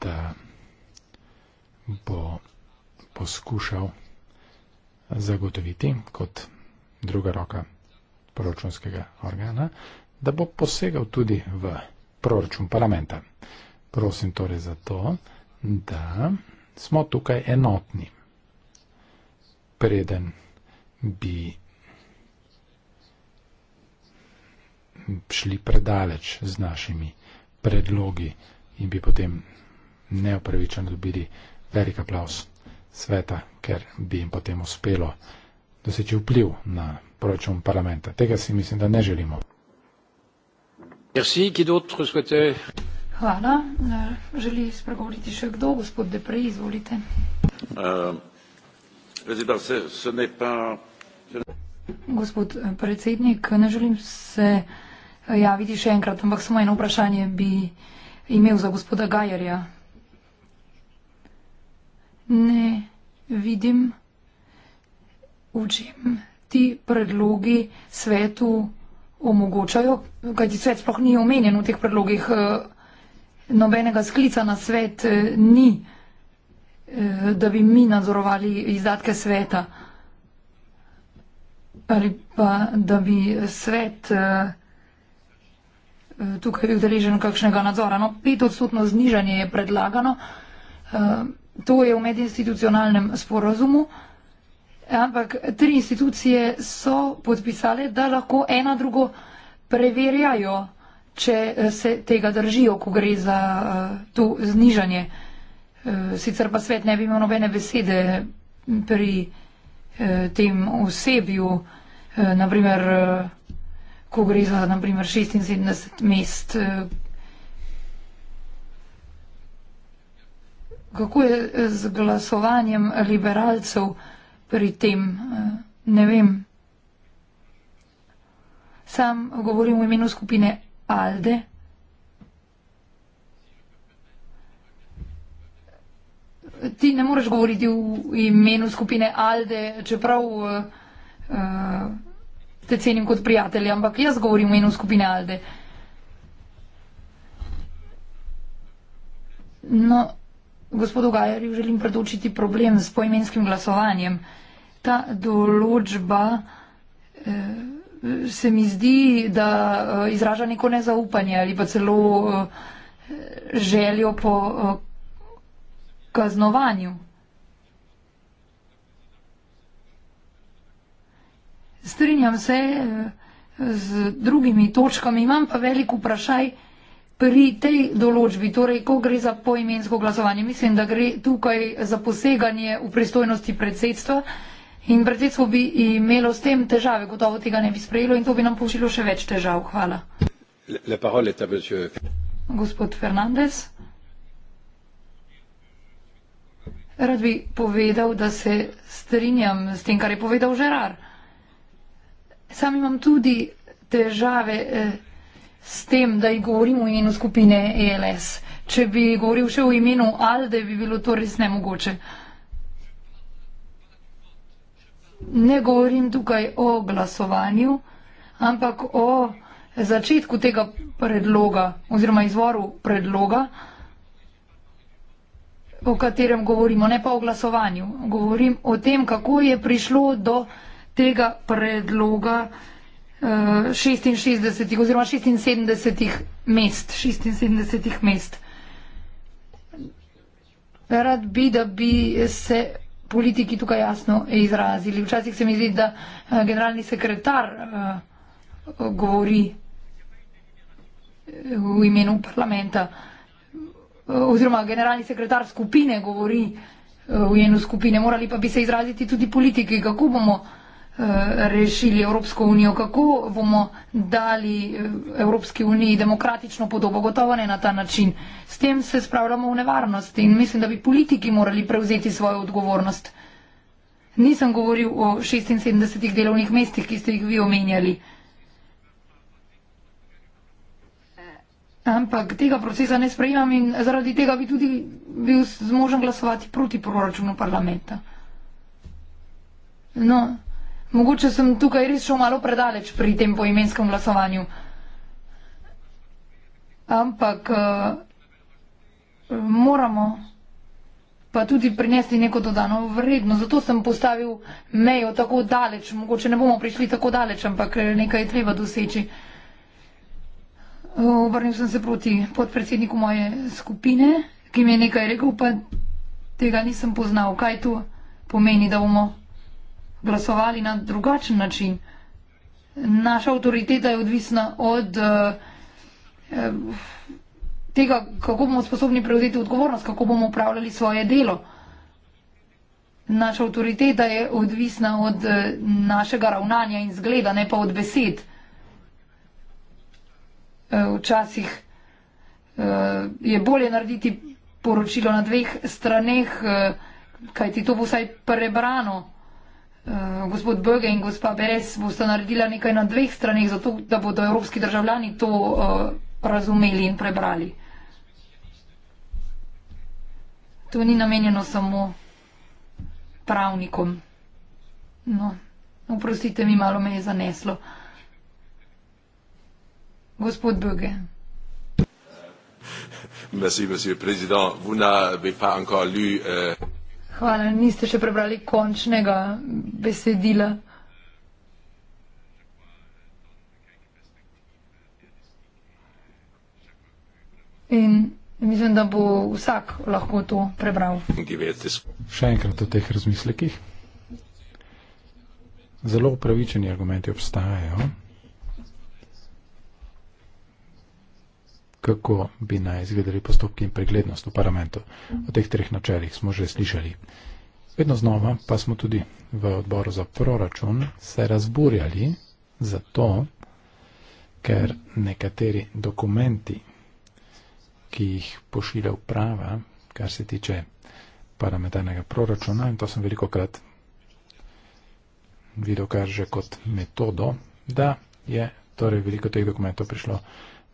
da bo poskušal zagotoviti kot druga roka proračunskega organa, da bo posegal tudi v proračun parlamenta. Prosim torej za to, da smo tukaj enotni. Preden bi šli predaleč z našimi predlogi in bi potem neopravičeno dobili velik aplaus sveta, ker bi jim potem uspelo doseči vpliv na proračun parlamenta. Tega si mislim, da ne želimo. Merci, Hvala. Eh, želi spregovoriti še kdo? Gospod Deprej, izvolite. Eh, Gospod eh, predsednik, ne želim se javiti še enkrat, ampak samo eno vprašanje bi imel za gospoda Gajerja ne vidim, v čem ti predlogi svetu omogočajo, kajti svet sploh ni omenjen v teh predlogih, eh, nobenega sklica na svet eh, ni, eh, da bi mi nadzorovali izdatke sveta ali pa da bi svet tukaj udeležen kakšnega nadzora. No, pet odstotno znižanje je predlagano. To je v medinstitucionalnem sporazumu, ampak tri institucije so podpisale, da lahko ena drugo preverjajo, če eh, se tega držijo, ko gre za uh, to znižanje. Uh, sicer pa svet ne bi imel nobene besede pri uh, tem osebju, uh, naprimer, uh, ko gre za naprimer, 76 mest. Uh, Kako je eh, z glasovanjem liberalcev pri tem? Eh, ne vem. Sam govorim v imenu skupine Alde. Ti ne moreš govoriti v imenu skupine Alde, čeprav uh, te cenim kot prijatelja, ampak jaz govorim v imenu skupine Alde. No, Gospodu Gajarju želim predočiti problem s poimenskim glasovanjem. Ta določba eh, se mi zdi, da eh, izraža neko nezaupanje ali pa celo eh, željo po kaznovanju. Strinjam se z drugimi točkami, imam pa velik vprašaj, pri tej določbi, torej ko gre za poimensko glasovanje, mislim, da gre tukaj za poseganje v pristojnosti predsedstva in predsedstvo bi imelo s tem težave, gotovo tega ne bi sprejelo in to bi nam pošilo še več težav. Hvala. Le, le ta, Gospod Fernandez. Rad bi povedal, da se strinjam s tem, kar je povedal Žerar. Sam imam tudi težave. Eh, s tem, da jih govorim v imenu skupine ELS. Če bi govoril še v imenu Alde, bi bilo to res nemogoče. Ne govorim tukaj o glasovanju, ampak o začetku tega predloga oziroma izvoru predloga, o katerem govorimo, ne pa o glasovanju. Govorim o tem, kako je prišlo do tega predloga. 66 oziroma 76 mest. 76 mest. Rad bi, da bi se politiki tukaj jasno izrazili. Včasih se mi zdi, da eh, generalni sekretar eh, govori eh, v imenu parlamenta oziroma generalni sekretar skupine govori v imenu skupine. Morali pa bi se izraziti tudi politiki, kako bomo uh, Eh, rešili Evropsko unijo, kako bomo dali eh, Evropski uniji demokratično podobo, gotovo ne na ta način. S tem se spravljamo v nevarnost in mislim, da bi politiki morali prevzeti svojo odgovornost. Nisem govoril o 76 delovnih mestih, ki ste jih vi omenjali. Ampak tega procesa ne sprejemam in zaradi tega bi tudi bil zmožen glasovati proti proračunu parlamenta. No, Mogoče sem tukaj res šel malo predaleč pri tem poimenskem glasovanju. Ampak uh, moramo pa tudi prinesti neko dodano vredno. Zato sem postavil mejo tako daleč. Mogoče ne bomo prišli tako daleč, ampak eh, nekaj je treba doseči. Obrnil sem se proti podpredsedniku moje skupine, ki mi je nekaj rekel, pa tega nisem poznal. Kaj to pomeni, da bomo glasovali na drugačen način. Naša avtoriteta je odvisna od eh, eh, tega, kako bomo sposobni prevzeti odgovornost, kako bomo upravljali svoje delo. Naša avtoriteta je odvisna od eh, našega ravnanja in zgleda, ne pa od besed. Včasih je bolje narediti poročilo na dveh straneh, kajti to bo vsaj prebrano. Eh, gospod Böge in gospa Beres bosta naredila nekaj na dveh straneh, zato da bodo evropski državljani to uh, razumeli in prebrali. To ni namenjeno samo pravnikom. No, oprostite mi, malo me je zaneslo. Gospod Böge. Merci, monsieur le président. Vous n'avez pas encore lu. Euh Hvala, niste še prebrali končnega besedila. In mislim, da bo vsak lahko to prebral. Še enkrat o teh razmislekih. Zelo upravičeni argumenti obstajajo. kako bi naj izgledali postopki in preglednost v parlamentu. O teh treh načelih smo že slišali. Vedno znova pa smo tudi v odboru za proračun se razburjali zato, ker nekateri dokumenti, ki jih pošilja uprava, kar se tiče parlamentarnega proračuna, in to sem veliko krat videl kar že kot metodo, da je torej veliko teh dokumentov prišlo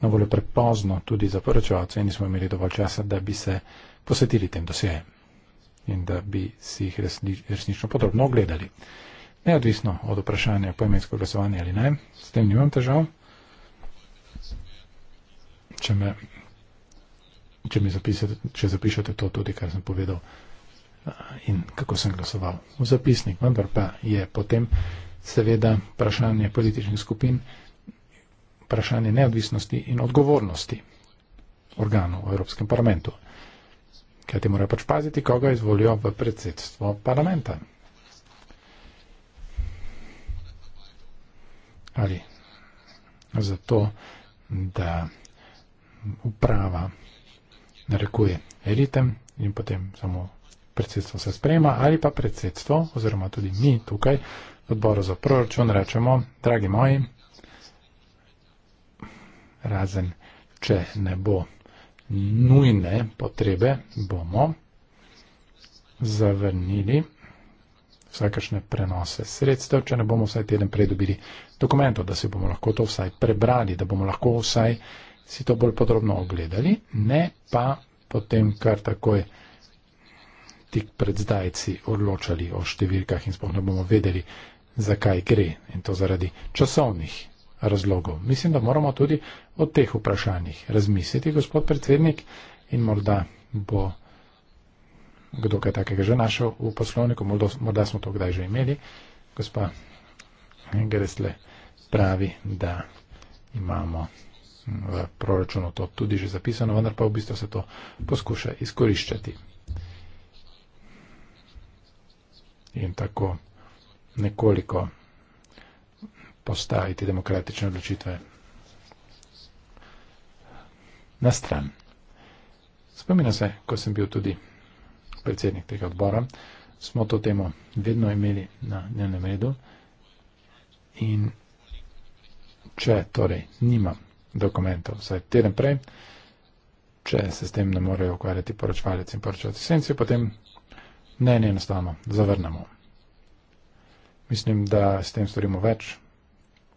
na voljo prepozno tudi za poročevalce in nismo imeli dovolj časa, da bi se posvetili tem dosjejem in da bi si jih resni, resnično podrobno ogledali. Neodvisno od vprašanja poimensko glasovanje ali ne, s tem nimam težav. Če, me, če mi zapisate, če zapišete to tudi, kar sem povedal eh, in kako sem glasoval v zapisnik, vendar pa je potem seveda vprašanje političnih skupin vprašanje neodvisnosti in odgovornosti organov v Evropskem parlamentu. Kaj ti morajo pač paziti, koga izvolijo v predsedstvo parlamenta? Ali zato, da uprava narekuje elitem in potem samo predsedstvo se sprema, ali pa predsedstvo, oziroma tudi mi tukaj, odboru za proračun, rečemo, dragi moji, razen če ne bo nujne potrebe, bomo zavrnili vsakašne prenose sredstev, če ne bomo vsaj teden prej dobili dokumentov, da si bomo lahko to vsaj prebrali, da bomo lahko vsaj si to bolj podrobno ogledali, ne pa potem kar takoj tik pred zdajci odločali o številkah in sploh ne bomo vedeli, zakaj gre. In to zaradi časovnih razlogov. Mislim, da moramo tudi o teh vprašanjih razmisliti, gospod predsednik, in morda bo kdo kaj takega že našel v poslovniku, morda smo to kdaj že imeli. Gospa Gresle pravi, da imamo v proračunu to tudi že zapisano, vendar pa v bistvu se to poskuša izkoriščati. In tako nekoliko postaviti demokratične odločitve. Na stran. Spomnim se, ko sem bil tudi predsednik tega odbora, smo to temo vedno imeli na dnevnem redu in če torej nimam dokumentov vsaj teden prej, če se s tem ne morejo ukvarjati poročvalec in poročvalec esencije, potem ne, ne, enostavno zavrnemo. Mislim, da s tem storimo več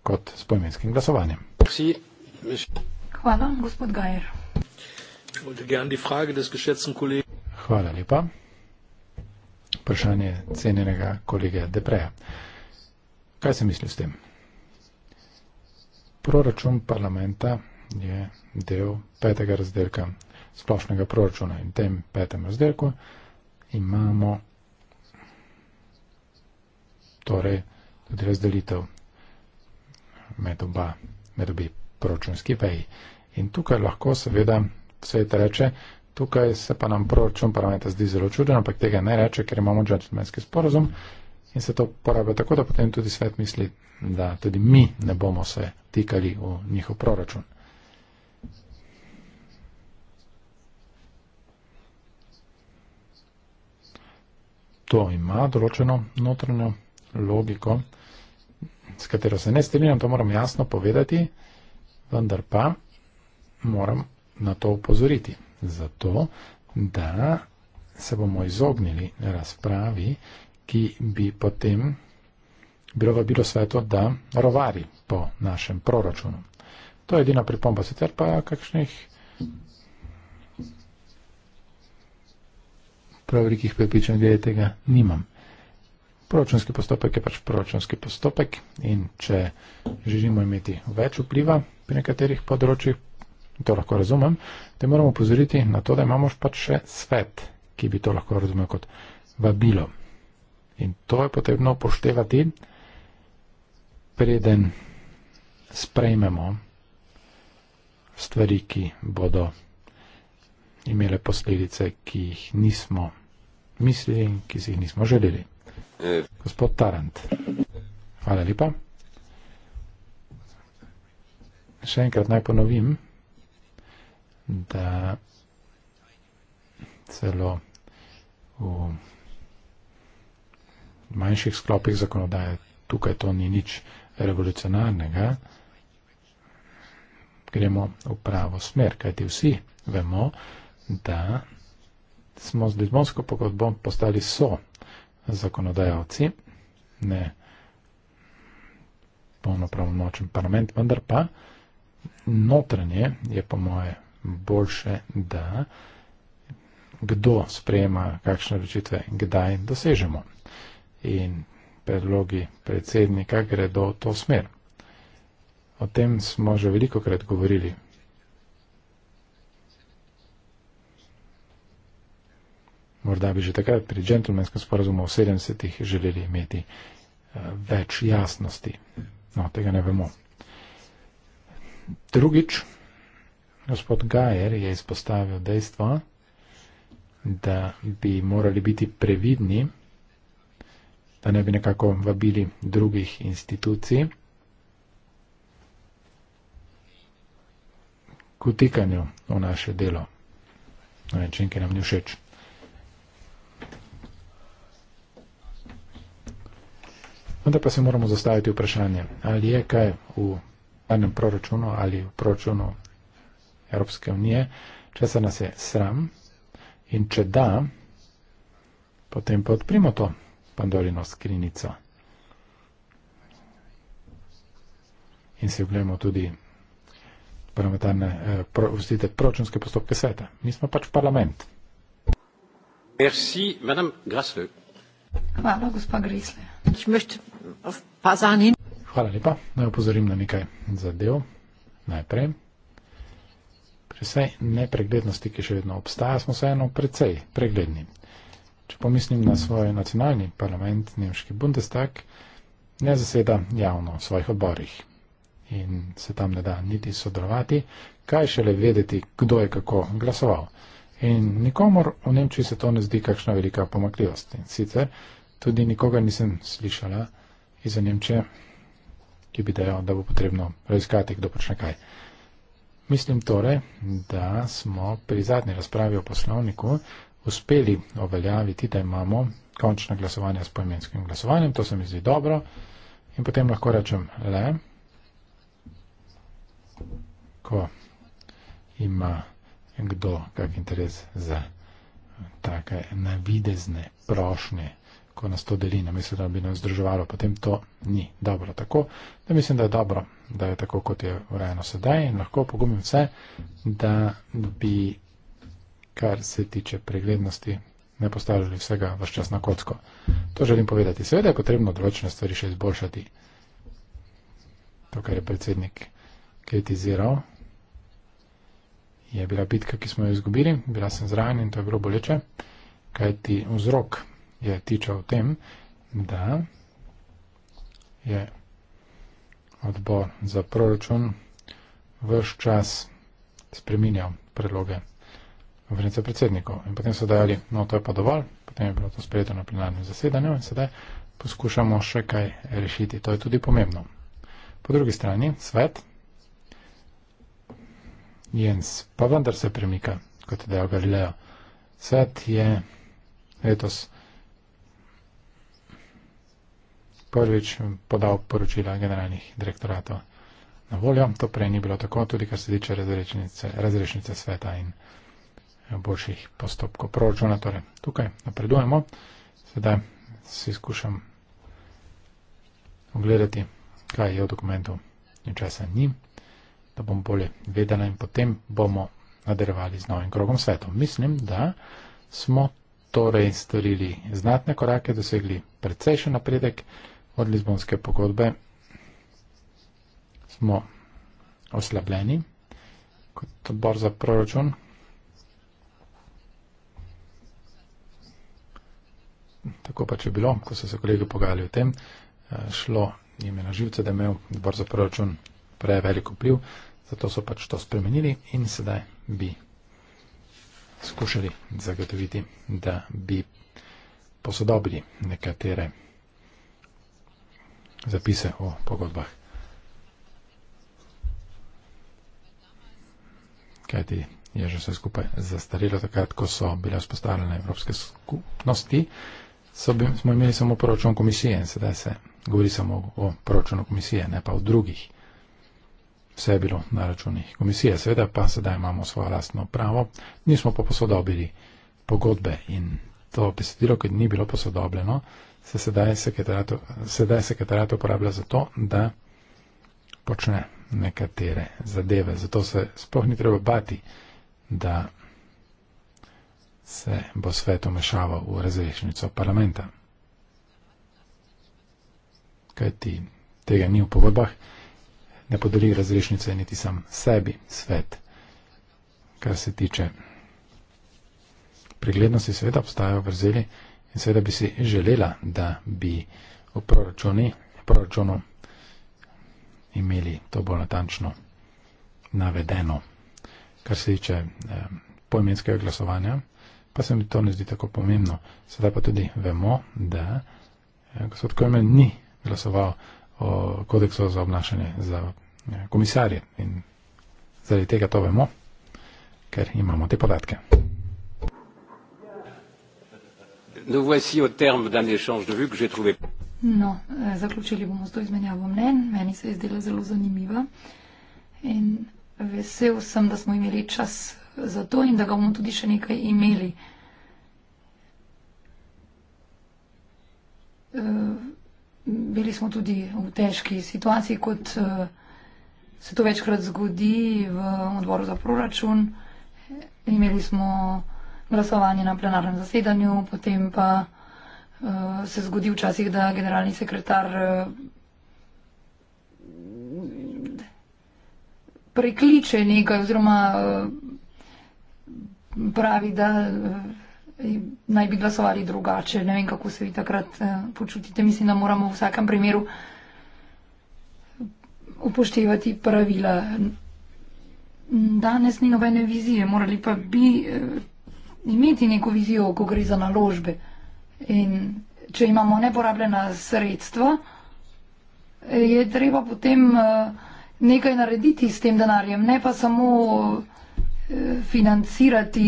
kot s pojmenskim glasovanjem. Hvala, gospod Gajer. Hvala lepa. Vprašanje cenjenega kolega Depreja. Kaj se misli s tem? Proračun parlamenta je del petega razdelka splošnega proračuna in tem petem razdelku imamo torej tudi razdelitev med, oba, med obi proračunski veji. In tukaj lahko seveda svet reče, tukaj se pa nam proračun parlamenta zdi zelo čuden, ampak tega ne reče, ker imamo džentlmenski sporozum in se to porabe tako, da potem tudi svet misli, da tudi mi ne bomo se tikali v njihov proračun. To ima določeno notranjo logiko s katero se ne strinjam, to moram jasno povedati, vendar pa moram na to upozoriti. Zato, da se bomo izognili razpravi, ki bi potem bilo v bilo sveto, da rovari po našem proračunu. To je edina pripomba, sicer pa kakšnih prav velikih prepričanj glede tega nimam. Proračunski postopek je pač proračunski postopek in če želimo imeti več vpliva pri nekaterih področjih, to lahko razumem, te moramo upozoriti na to, da imamo pač še svet, ki bi to lahko razumel kot vabilo. In to je potrebno upoštevati, preden sprejmemo stvari, ki bodo imele posledice, ki jih nismo mislili in ki si jih nismo želeli. Gospod Tarant. Hvala lepa. Še enkrat naj ponovim, da celo v manjših sklopih zakonodaje tukaj to ni nič revolucionarnega. Gremo v pravo smer, kajti vsi vemo, da smo z Lizbonsko pogodbo postali so zakonodajalci, ne polnopravno močen parlament, vendar pa notranje je po moje boljše, da kdo sprejema kakšne rečitve, kdaj dosežemo. In predlogi predsednika gredo v to smer. O tem smo že veliko krat govorili Morda bi že takrat pri džentlmenskem sporazumu v 70-ih želeli imeti eh, več jasnosti. No, tega ne vemo. Drugič, gospod Gajer je izpostavil dejstvo, da bi morali biti previdni, da ne bi nekako vabili drugih institucij k utikanju v naše delo. No, če nekaj nam ni všeč. Vendar pa si moramo zastaviti vprašanje, ali je kaj v enem proračunu ali v proračunu Evropske unije, če se nas je sram in če da, potem pa odprimo to Pandorino skrinico. In si oglejmo tudi parlamentarne, vstite, eh, pro, proračunske postopke sveta. Mi smo pač parlament. Merci, madame Grasleu. Hvala, gospa Grisle. Če me še pazani. Hvala lepa. Naj opozorim na nekaj zadev. Najprej. Pri vsej nepreglednosti, ki še vedno obstaja, smo vseeno precej pregledni. Če pomislim na svoj nacionalni parlament, nemški Bundestag, ne zaseda javno v svojih odborih in se tam ne da niti sodelovati, kaj šele vedeti, kdo je kako glasoval. In nikomor v Nemčiji se to ne zdi kakšna velika pomakljivost. In sicer tudi nikoga nisem slišala iz Nemčije, ki bi dejal, da bo potrebno raziskati, kdo počne kaj. Mislim torej, da smo pri zadnji razpravi o poslovniku uspeli uveljaviti, da imamo končna glasovanja s poimenskim glasovanjem. To se mi zdi dobro. In potem lahko rečem le, ko ima kdo, kak interes za take navidezne prošnje, ko nas to deli, namesto da bi nas združevalo, potem to ni dobro tako. Da mislim, da je dobro, da je tako, kot je urejeno sedaj in lahko pogumim vse, da bi, kar se tiče preglednosti, ne postavljali vsega v čas na kocko. To želim povedati. Seveda je potrebno določene stvari še izboljšati. To, kar je predsednik kritiziral, je bila bitka, ki smo jo izgubili, bila sem zranjen in to je bilo boleče, kaj ti vzrok je tičal tem, da je odbor za proračun vrš čas spreminjal predloge konference predsednikov. In potem so dajali, no to je pa dovolj, potem je bilo to sprejeto na plenarnem zasedanju in sedaj poskušamo še kaj rešiti. To je tudi pomembno. Po drugi strani, svet, Jens pa vendar se premika, kot je dejal Galileo. Svet je letos prvič podal poročila generalnih direktoratov na voljo. To prej ni bilo tako, tudi kar se tiče razrešnice sveta in boljših postopkov proračuna. Torej, tukaj napredujemo. Sedaj si skušam ogledati, kaj je v dokumentu in česa ni da bom bolje vedela in potem bomo nadaljevali z novim krogom svetov. Mislim, da smo torej storili znatne korake, dosegli precejšen napredek od Lizbonske pogodbe. Smo oslabljeni kot odbor za proračun. Tako pač je bilo, ko so se kolegi pogajali o tem, eh, šlo jim je na živce, da je imel odbor za proračun prevelik vpliv, zato so pač to spremenili in sedaj bi skušali zagotoviti, da bi posodobili nekatere zapise o pogodbah. Kajti je že vse skupaj zastarilo, takrat, ko so bile vzpostavljene evropske skupnosti, so bi, smo imeli samo proračun komisije in sedaj se govori samo o proračunu komisije, ne pa o drugih. Vse je bilo na računih komisije, seveda pa sedaj imamo svojo lastno pravo, nismo pa posodobili pogodbe in to besedilo, ki ni bilo posodobljeno, se sedaj sekretarat uporablja za to, da počne nekatere zadeve. Zato se sploh ni treba bati, da se bo svet omešaval v razrešnico parlamenta. Kajti tega ni v pogodbah ne podeli razrešnice niti sam sebi svet. Kar se tiče preglednosti, seveda obstajajo vrzeli in seveda bi si želela, da bi v proračunu imeli to bolj natančno navedeno. Kar se tiče eh, poimenskega glasovanja, pa se mi to ne zdi tako pomembno. Sedaj pa tudi vemo, da eh, gospod Kojmen ni glasoval kodeksa za obnašanje za eh, komisarje. In zaradi tega to vemo, ker imamo te podatke. No, eh, zaključili bomo s to izmenjavo mnen. Meni se je zdela zelo zanimiva in vesel sem, da smo imeli čas za to in da ga bomo tudi še nekaj imeli. Uh, bili smo tudi v težki situaciji, kot eh, se to večkrat zgodi v odboru za proračun. Imeli smo glasovanje na plenarnem zasedanju, potem pa eh, se zgodi včasih, da generalni sekretar eh, prekliče nekaj oziroma pravi, da naj bi glasovali drugače. Ne vem, kako se vi takrat eh, počutite. Mislim, da moramo v vsakem primeru upoštevati pravila. Danes ni nobene vizije, morali pa bi eh, imeti neko vizijo, ko gre za naložbe. In če imamo neporabljena sredstva, eh, je treba potem nekaj narediti s tem denarjem, ne pa samo financirati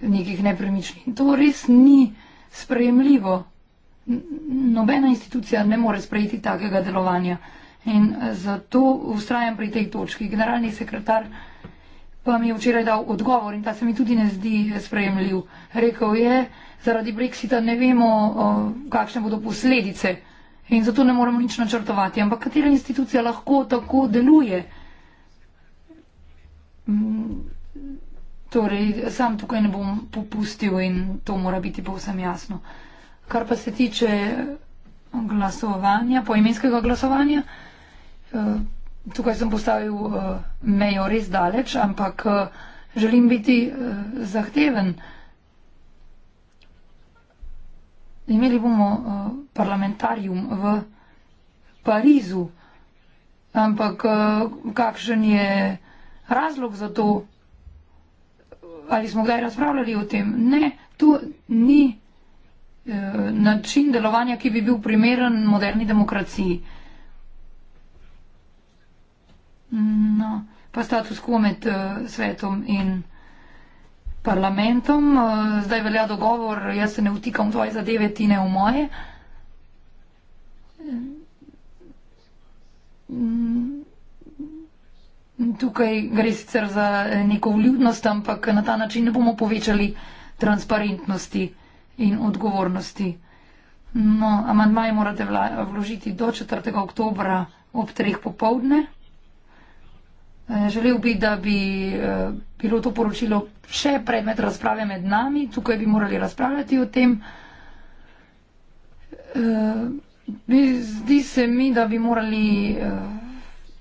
nekih nepremičnin. To res ni sprejemljivo. Nobena institucija ne more sprejeti takega delovanja. In eh, zato ustrajam pri tej točki. Generalni sekretar pa mi je včeraj dal odgovor in ta se mi tudi ne zdi sprejemljiv. Rekel je, zaradi Brexita ne vemo, kakšne bodo posledice in zato ne moremo nič načrtovati. Ampak katera institucija lahko tako deluje? Torej, sam tukaj ne bom popustil in to mora biti povsem jasno. Kar pa se tiče glasovanja, poimenskega glasovanja, eh, tukaj sem postavil eh, mejo res daleč, ampak eh, želim biti zahteven. Imeli bomo parlamentarjum v Parizu, ampak kakšen je razlog za to? ali smo kdaj razpravljali o tem. Ne, to ni eh, način delovanja, ki bi bil primeren moderni demokraciji. No, pa status quo med eh, svetom in parlamentom. Eh, zdaj velja dogovor, jaz se ne vtikam v tvoje zadeve, ti ne v moje. Eh, Tukaj gre sicer za eh, neko vljudnost, ampak na ta način ne bomo povečali transparentnosti in odgovornosti. No, amandmaje morate vložiti do 4. oktobra ob 3. popovdne. Eh, želel bi, da bi eh, bilo to poročilo še predmet razprave med nami, tukaj bi morali razpravljati o tem. Zdi se mi, da bi morali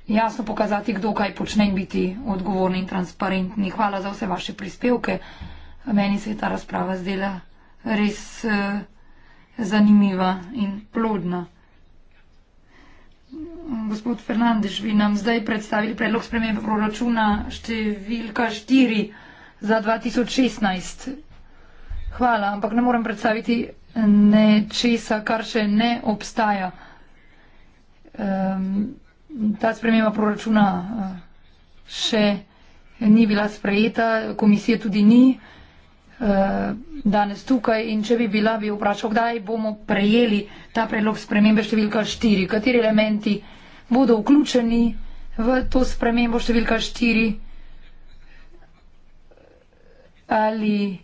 jasno pokazati, kdo kaj počne in biti odgovorni in transparentni. Hvala za vse vaše prispevke. Meni se je ta razprava zdela res eh, zanimiva in plodna. Gospod Fernandež, vi nam zdaj predstavili predlog spremembe proračuna številka 4 za 2016. Hvala, ampak ne morem predstaviti eh, nečesa, kar še ne obstaja. Um, ta sprememba proračuna eh, še ni bila sprejeta, komisije tudi ni eh, danes tukaj in če bi bila, bi vprašal, kdaj bomo prejeli ta predlog spremembe številka 4, kateri elementi bodo vključeni v to spremembo številka 4 ali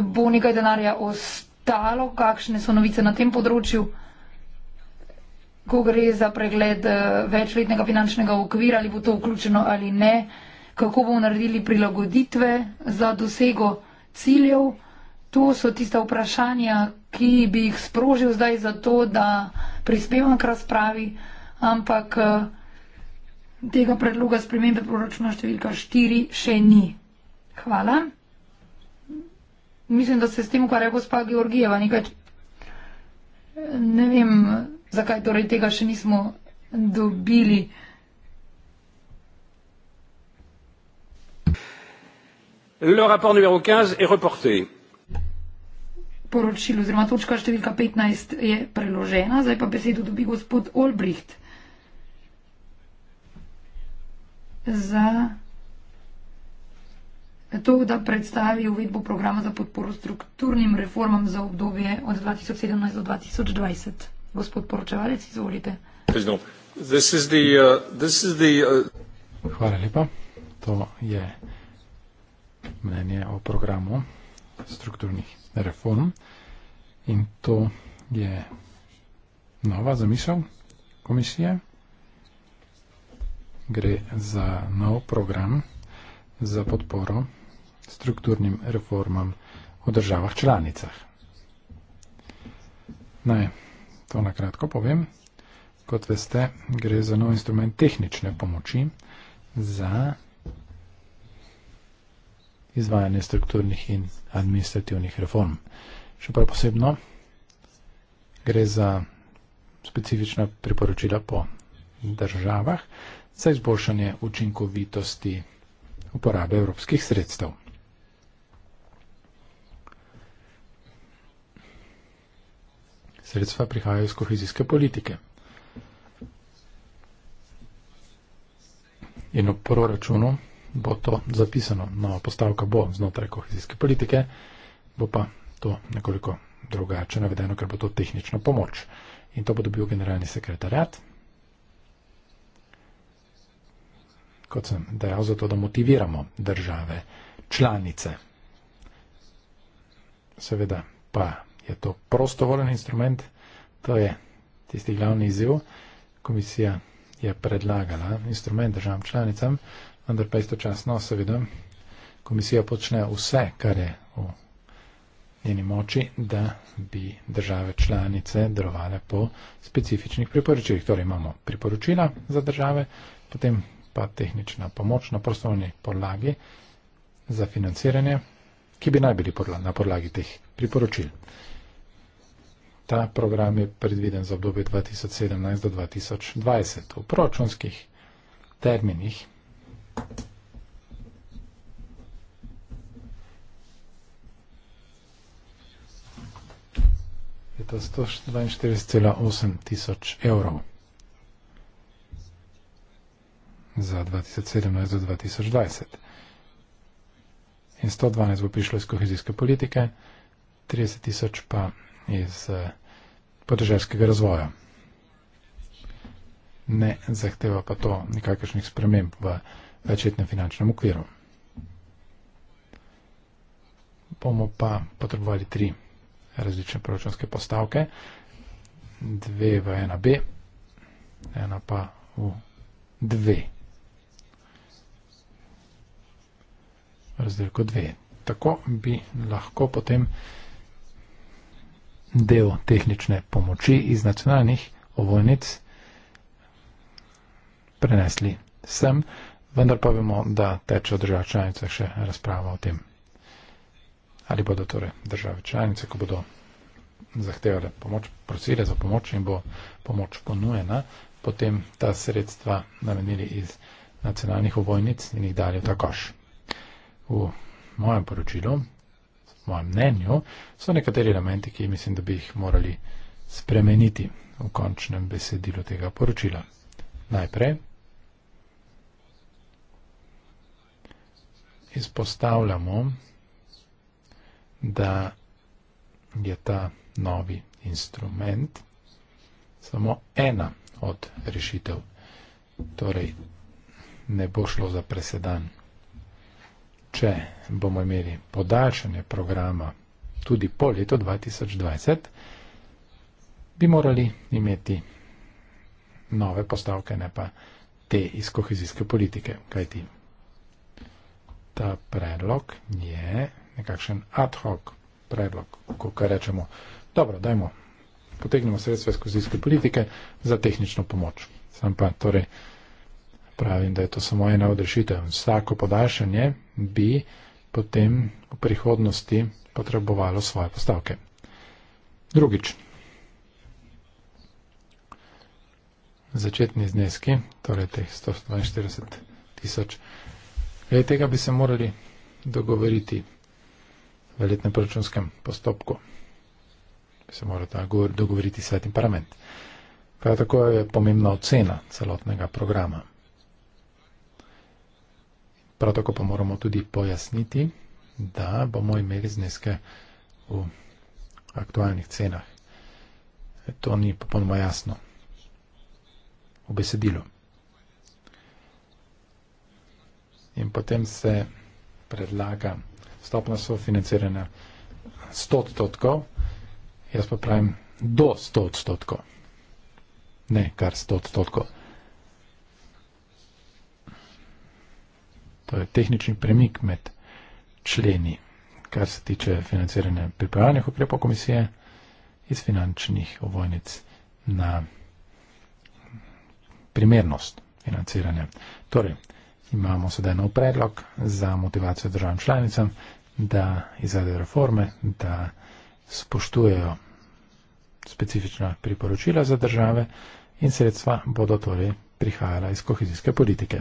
bo nekaj denarja ostalo, kakšne so novice na tem področju ko gre za pregled eh, večletnega finančnega okvira, ali bo to vključeno ali ne, kako bomo naredili prilagoditve za dosego ciljev. To so tista vprašanja, ki bi jih sprožil zdaj za to, da prispevam k razpravi, ampak eh, tega predloga spremembe proračuna številka 4 še ni. Hvala. Mislim, da se s tem ukvarja gospa Georgijeva. Nekaj, ne vem, Zakaj torej tega še nismo dobili? Le rapport numero 15 est reporté. Poročil oziroma točka številka 15 je preložena, zdaj pa besedo dobi gospod Olbricht za to, da predstavi uvedbo programa za podporo strukturnim reformam za obdobje od 2017 do 2020. Gospod poročevalec, izvolite. Uh, uh, Hvala lepa. To je mnenje o programu strukturnih reform in to je nova zamisel komisije. Gre za nov program za podporo strukturnim reformam v državah članicah. Najprej. To na kratko povem. Kot veste, gre za nov instrument tehnične pomoči za izvajanje strukturnih in administrativnih reform. Še prav posebno gre za specifična priporočila po državah za izboljšanje učinkovitosti uporabe evropskih sredstev. sredstva prihajajo iz kohezijske politike. In v proračunu bo to zapisano, nova postavka bo znotraj kohezijske politike, bo pa to nekoliko drugače navedeno, ker bo to tehnična pomoč. In to bo dobil generalni sekretarjat, kot sem dejal, zato da motiviramo države članice. Seveda pa je to prostovoljen instrument, to je tisti glavni izziv. Komisija je predlagala instrument državam članicam, vendar pa istočasno, seveda, komisija počne vse, kar je v njeni moči, da bi države članice delovale po specifičnih priporočilih. Torej imamo priporočila za države, potem pa tehnična pomoč na prostovoljni podlagi za financiranje, ki bi naj bili na podlagi teh priporočil. Ta program je predviden za obdobje 2017 do 2020 v proračunskih terminih. Je to 142,8 tisoč evrov za 2017 do 2020. In 112 bo prišlo iz kohezijske politike, 30 tisoč pa iz eh, podeželskega razvoja. Ne zahteva pa to nikakršnih sprememb v večetnem finančnem okviru. Bomo pa potrebovali tri različne proračunske postavke, dve v ena B, ena pa v dve. V razdelku dve. Tako bi lahko potem del tehnične pomoči iz nacionalnih ovojnic prenesli sem, vendar pa vemo, da teče v državah članicah še razprava o tem. Ali bodo torej države članice, ko bodo zahtevale pomoč, prosile za pomoč in bo pomoč ponujena, potem ta sredstva namenili iz nacionalnih ovojnic in jih dali v ta koš. V mojem poročilu mojem mnenju, so nekateri elementi, ki mislim, da bi jih morali spremeniti v končnem besedilu tega poročila. Najprej izpostavljamo, da je ta novi instrument samo ena od rešitev. Torej, ne bo šlo za presedanje če bomo imeli podaljšanje programa tudi po letu 2020, bi morali imeti nove postavke, ne pa te iz kohezijske politike. Kajti ta predlog je nekakšen ad hoc predlog, ko kar rečemo, dobro, dajmo, potegnemo sredstva iz kohezijske politike za tehnično pomoč. Sam pa torej pravim, da je to samo ena od rešitev. Vsako podaljšanje bi potem v prihodnosti potrebovalo svoje postavke. Drugič. Začetni zneski, torej teh 142 tisoč, glede tega bi se morali dogovoriti v letnem proračunskem postopku. Bi se morali dogovoriti svetim parlament. Prav tako je pomembna ocena celotnega programa. Prav tako pa moramo tudi pojasniti, da bomo imeli zneske v aktualnih cenah. To ni popolnoma jasno v besedilu. In potem se predlaga stopna sofinanciranja 100 odstotkov, jaz pa pravim do 100 odstotkov. Ne kar 100 odstotkov. To je tehnični premik med členi, kar se tiče financiranja pripravljenih ukrepov komisije iz finančnih ovojnic na primernost financiranja. Torej, imamo sedaj nov predlog za motivacijo državam članicam, da izvedejo reforme, da spoštujejo specifična priporočila za države in sredstva bodo torej prihajala iz kohezijske politike.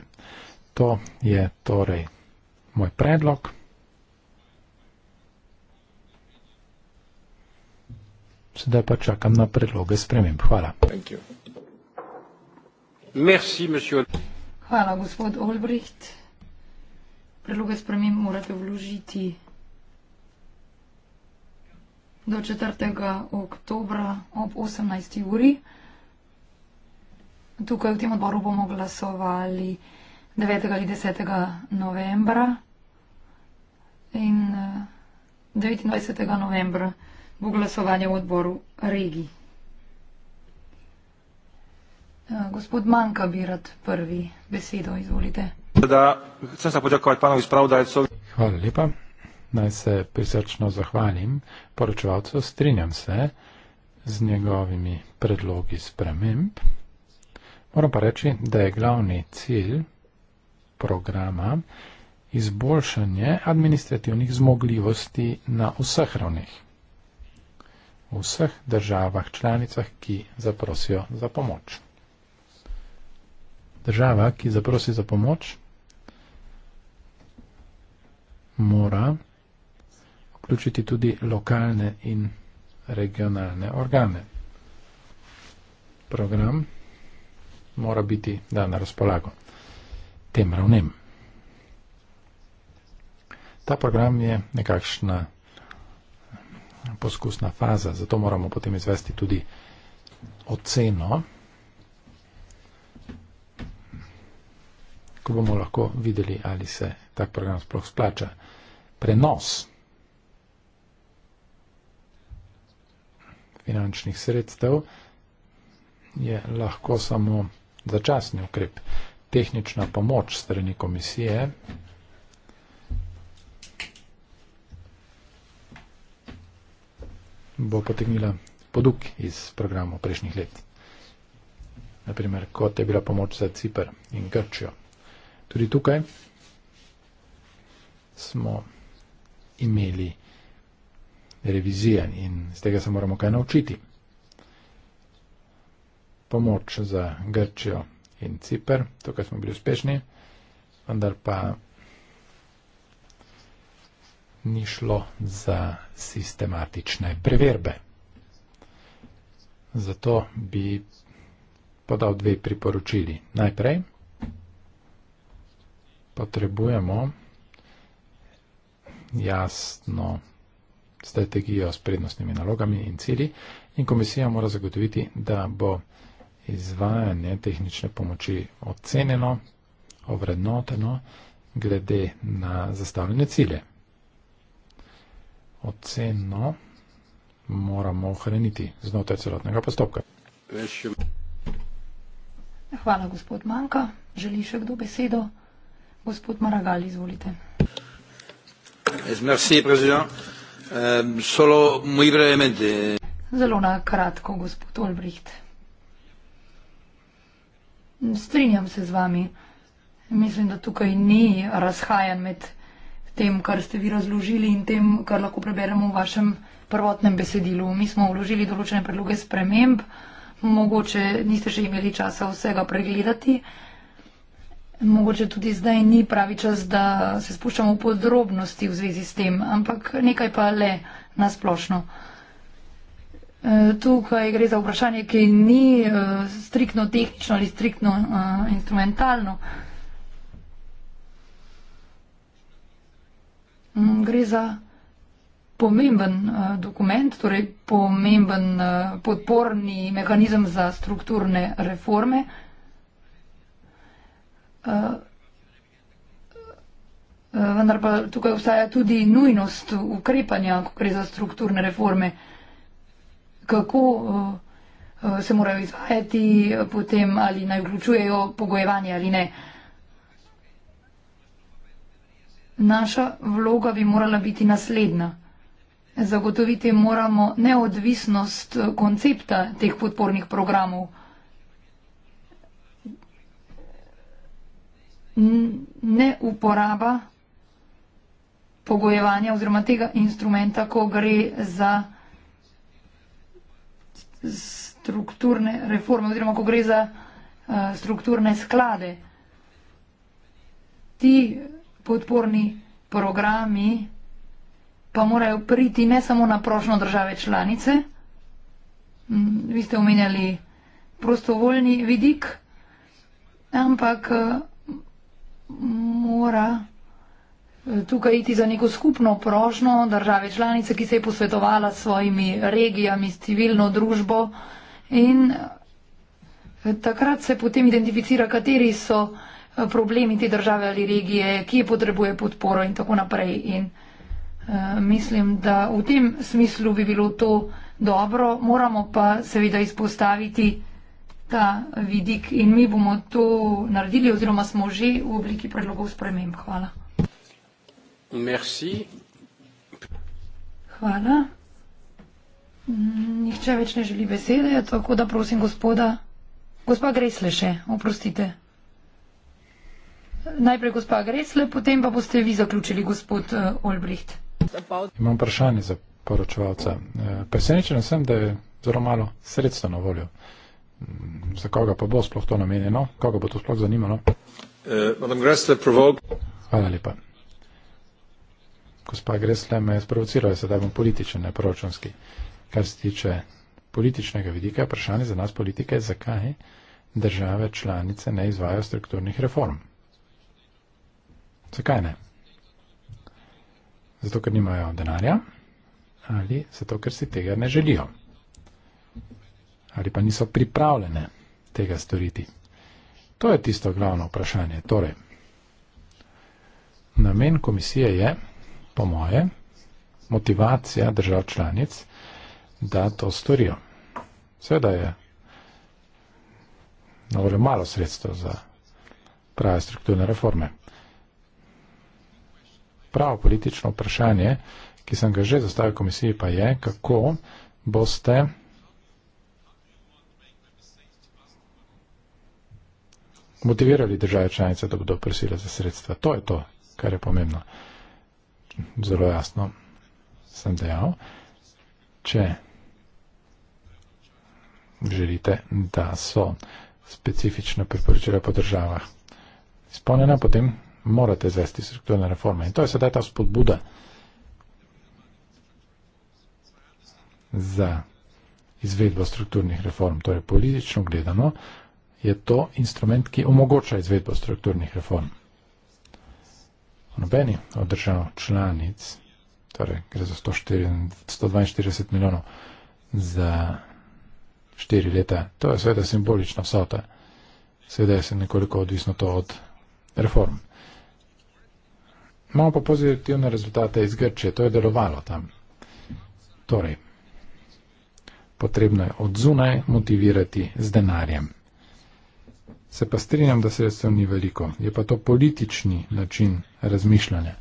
To je torej moj predlog. Sedaj pa čakam na predloge sprememb. Hvala. Merci, Hvala, gospod Olbricht. Predloge sprememb morate vložiti do 4. oktobra ob 18. uri. Tukaj v tem odboru bomo glasovali. 9. ali 10. novembra in 29. Eh, novembra bo glasovanje v odboru regij. Eh, gospod Manka bi rad prvi besedo, izvolite. Da, sem se počakovati panov izpravdajcov. Hvala lepa. Naj se prisrčno zahvalim poročevalcu, strinjam se z njegovimi predlogi sprememb. Moram pa reči, da je glavni cilj programa izboljšanje administrativnih zmogljivosti na vseh ravneh, v vseh državah članicah, ki zaprosijo za pomoč. Država, ki zaprosi za pomoč, mora vključiti tudi lokalne in regionalne organe. Program mora biti dan na razpolago tem ravnem. Ta program je nekakšna poskusna faza, zato moramo potem izvesti tudi oceno, ko bomo lahko videli, ali se tak program sploh splača. Prenos finančnih sredstev je lahko samo začasni ukrep tehnična pomoč strani komisije. bo potegnila poduk iz programov prejšnjih let. Naprimer, kot je bila pomoč za Cipr in Grčijo. Tudi tukaj smo imeli revizije in z tega se moramo kaj naučiti. Pomoč za Grčijo in Cipr, tukaj smo bili uspešni, vendar pa ni šlo za sistematične preverbe. Zato bi podal dve priporočili. Najprej potrebujemo jasno strategijo s prednostnimi nalogami in cilji in komisija mora zagotoviti, da bo izvajanje tehnične pomoči oceneno, ovrednoteno, glede na zastavljene cilje. Oceno moramo ohraniti znotraj celotnega postopka. Hvala, gospod Manka. Želi še kdo besedo? Gospod Maragal, izvolite. Zelo na kratko, gospod Olbricht. Strinjam se z vami. Mislim, da tukaj ni razhajanj med tem, kar ste vi razložili in tem, kar lahko preberemo v vašem prvotnem besedilu. Mi smo vložili določene predloge sprememb, mogoče niste še imeli časa vsega pregledati. Mogoče tudi zdaj ni pravi čas, da se spuščamo v podrobnosti v zvezi s tem, ampak nekaj pa le nasplošno. Eh, tukaj gre za vprašanje, ki ni uh, striktno tehnično ali striktno uh, instrumentalno. Mm, gre za pomemben uh, dokument, torej pomemben uh, podporni mehanizem za strukturne reforme. Uh, vendar pa tukaj obstaja tudi nujnost ukrepanja, ko gre za strukturne reforme. Uh, kako eh, eh, se morajo izvajati, eh, potem ali naj vključujejo pogojevanje ali ne. Naša vloga bi morala biti naslednja. Zagotoviti moramo neodvisnost koncepta teh podpornih programov. Ne uporaba pogojevanja oziroma tega instrumenta, ko gre za strukturne reforme oziroma ko gre za uh, strukturne sklade. Ti podporni programi pa morajo priti ne samo na prošno države članice. Vi ste omenjali prostovoljni vidik, ampak eh, mora tukaj iti za neko skupno prošno države članice, ki se je posvetovala s svojimi regijami, s civilno družbo in eh, takrat se potem identificira, kateri so eh, problemi te države ali regije, ki je potrebuje podporo in tako naprej. In eh, mislim, da v tem smislu bi bilo to dobro, moramo pa seveda izpostaviti ta vidik in mi bomo to naredili oziroma smo že v obliki predlogov sprememb. Hvala. Merci. Hvala. Nihče več ne želi besede, tako da prosim gospoda. Gospa Gresle še, oprostite. Najprej gospa Gresle, potem pa boste vi zaključili, gospod eh, Olbricht. Imam vprašanje za poročevalca. Eh, presenečen sem, da je zelo malo sredstev na voljo. Mm, za koga pa bo sploh to namenjeno? Koga bo to sploh zanimalo? Uh, Hvala lepa gospa Gresle me sprovocirala, da bom političen, ne proračunski. Kar se tiče političnega vidika, vprašanje za nas politike je, zakaj države članice ne izvajo strukturnih reform. Zakaj ne? Zato, ker nimajo denarja ali zato, ker si tega ne želijo. Ali pa niso pripravljene tega storiti. To je tisto glavno vprašanje. Torej, namen komisije je, po moje, motivacija držav članic, da to storijo. Seveda je na voljo malo sredstev za prave strukturne reforme. Pravo politično vprašanje, ki sem ga že zastavil komisiji, pa je, kako boste motivirali države članice, da bodo prosile za sredstva. To je to, kar je pomembno zelo jasno sem dejal. Če želite, da so specifična priporočila po državah izpolnjena, potem morate zvesti strukturne reforme. In to je sedaj ta spodbuda za izvedbo strukturnih reform. Torej, politično gledano je to instrument, ki omogoča izvedbo strukturnih reform nobeni od držav članic, torej gre za 142 milijonov za 4 leta, to je seveda simbolična vsota. Seveda je se nekoliko odvisno to od reform. Imamo pa pozitivne rezultate iz Grčije, to je delovalo tam. Torej, potrebno je od zunaj motivirati z denarjem. Se pa strinjam, da sredstev ni veliko. Je pa to politični način razmišljanja.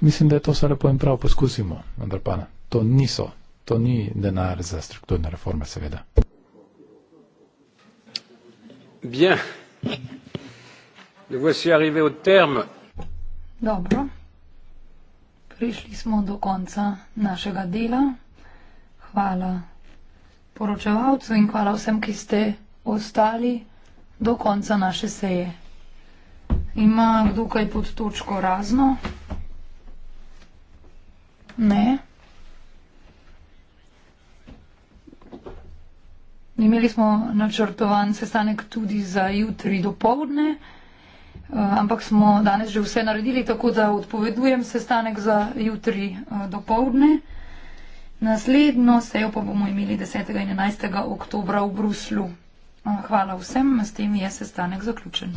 Mislim, da je to vse lepo in prav poskusimo, vendar pa to niso. To ni denar za strukturne reforme, seveda. Bien. Dobro. Prišli smo do konca našega dela. Hvala poročevalcu in hvala vsem, ki ste ostali do konca naše seje. Ima kdo kaj pod točko razno? Ne. Imeli smo načrtovan sestanek tudi za jutri do povdne, eh, ampak smo danes že vse naredili, tako da odpovedujem sestanek za jutri eh, do povdne. Naslednjo sejo pa bomo imeli 10. in 11. oktobra v Bruslu. Hvala vsem, s tem je sestanek zaključen.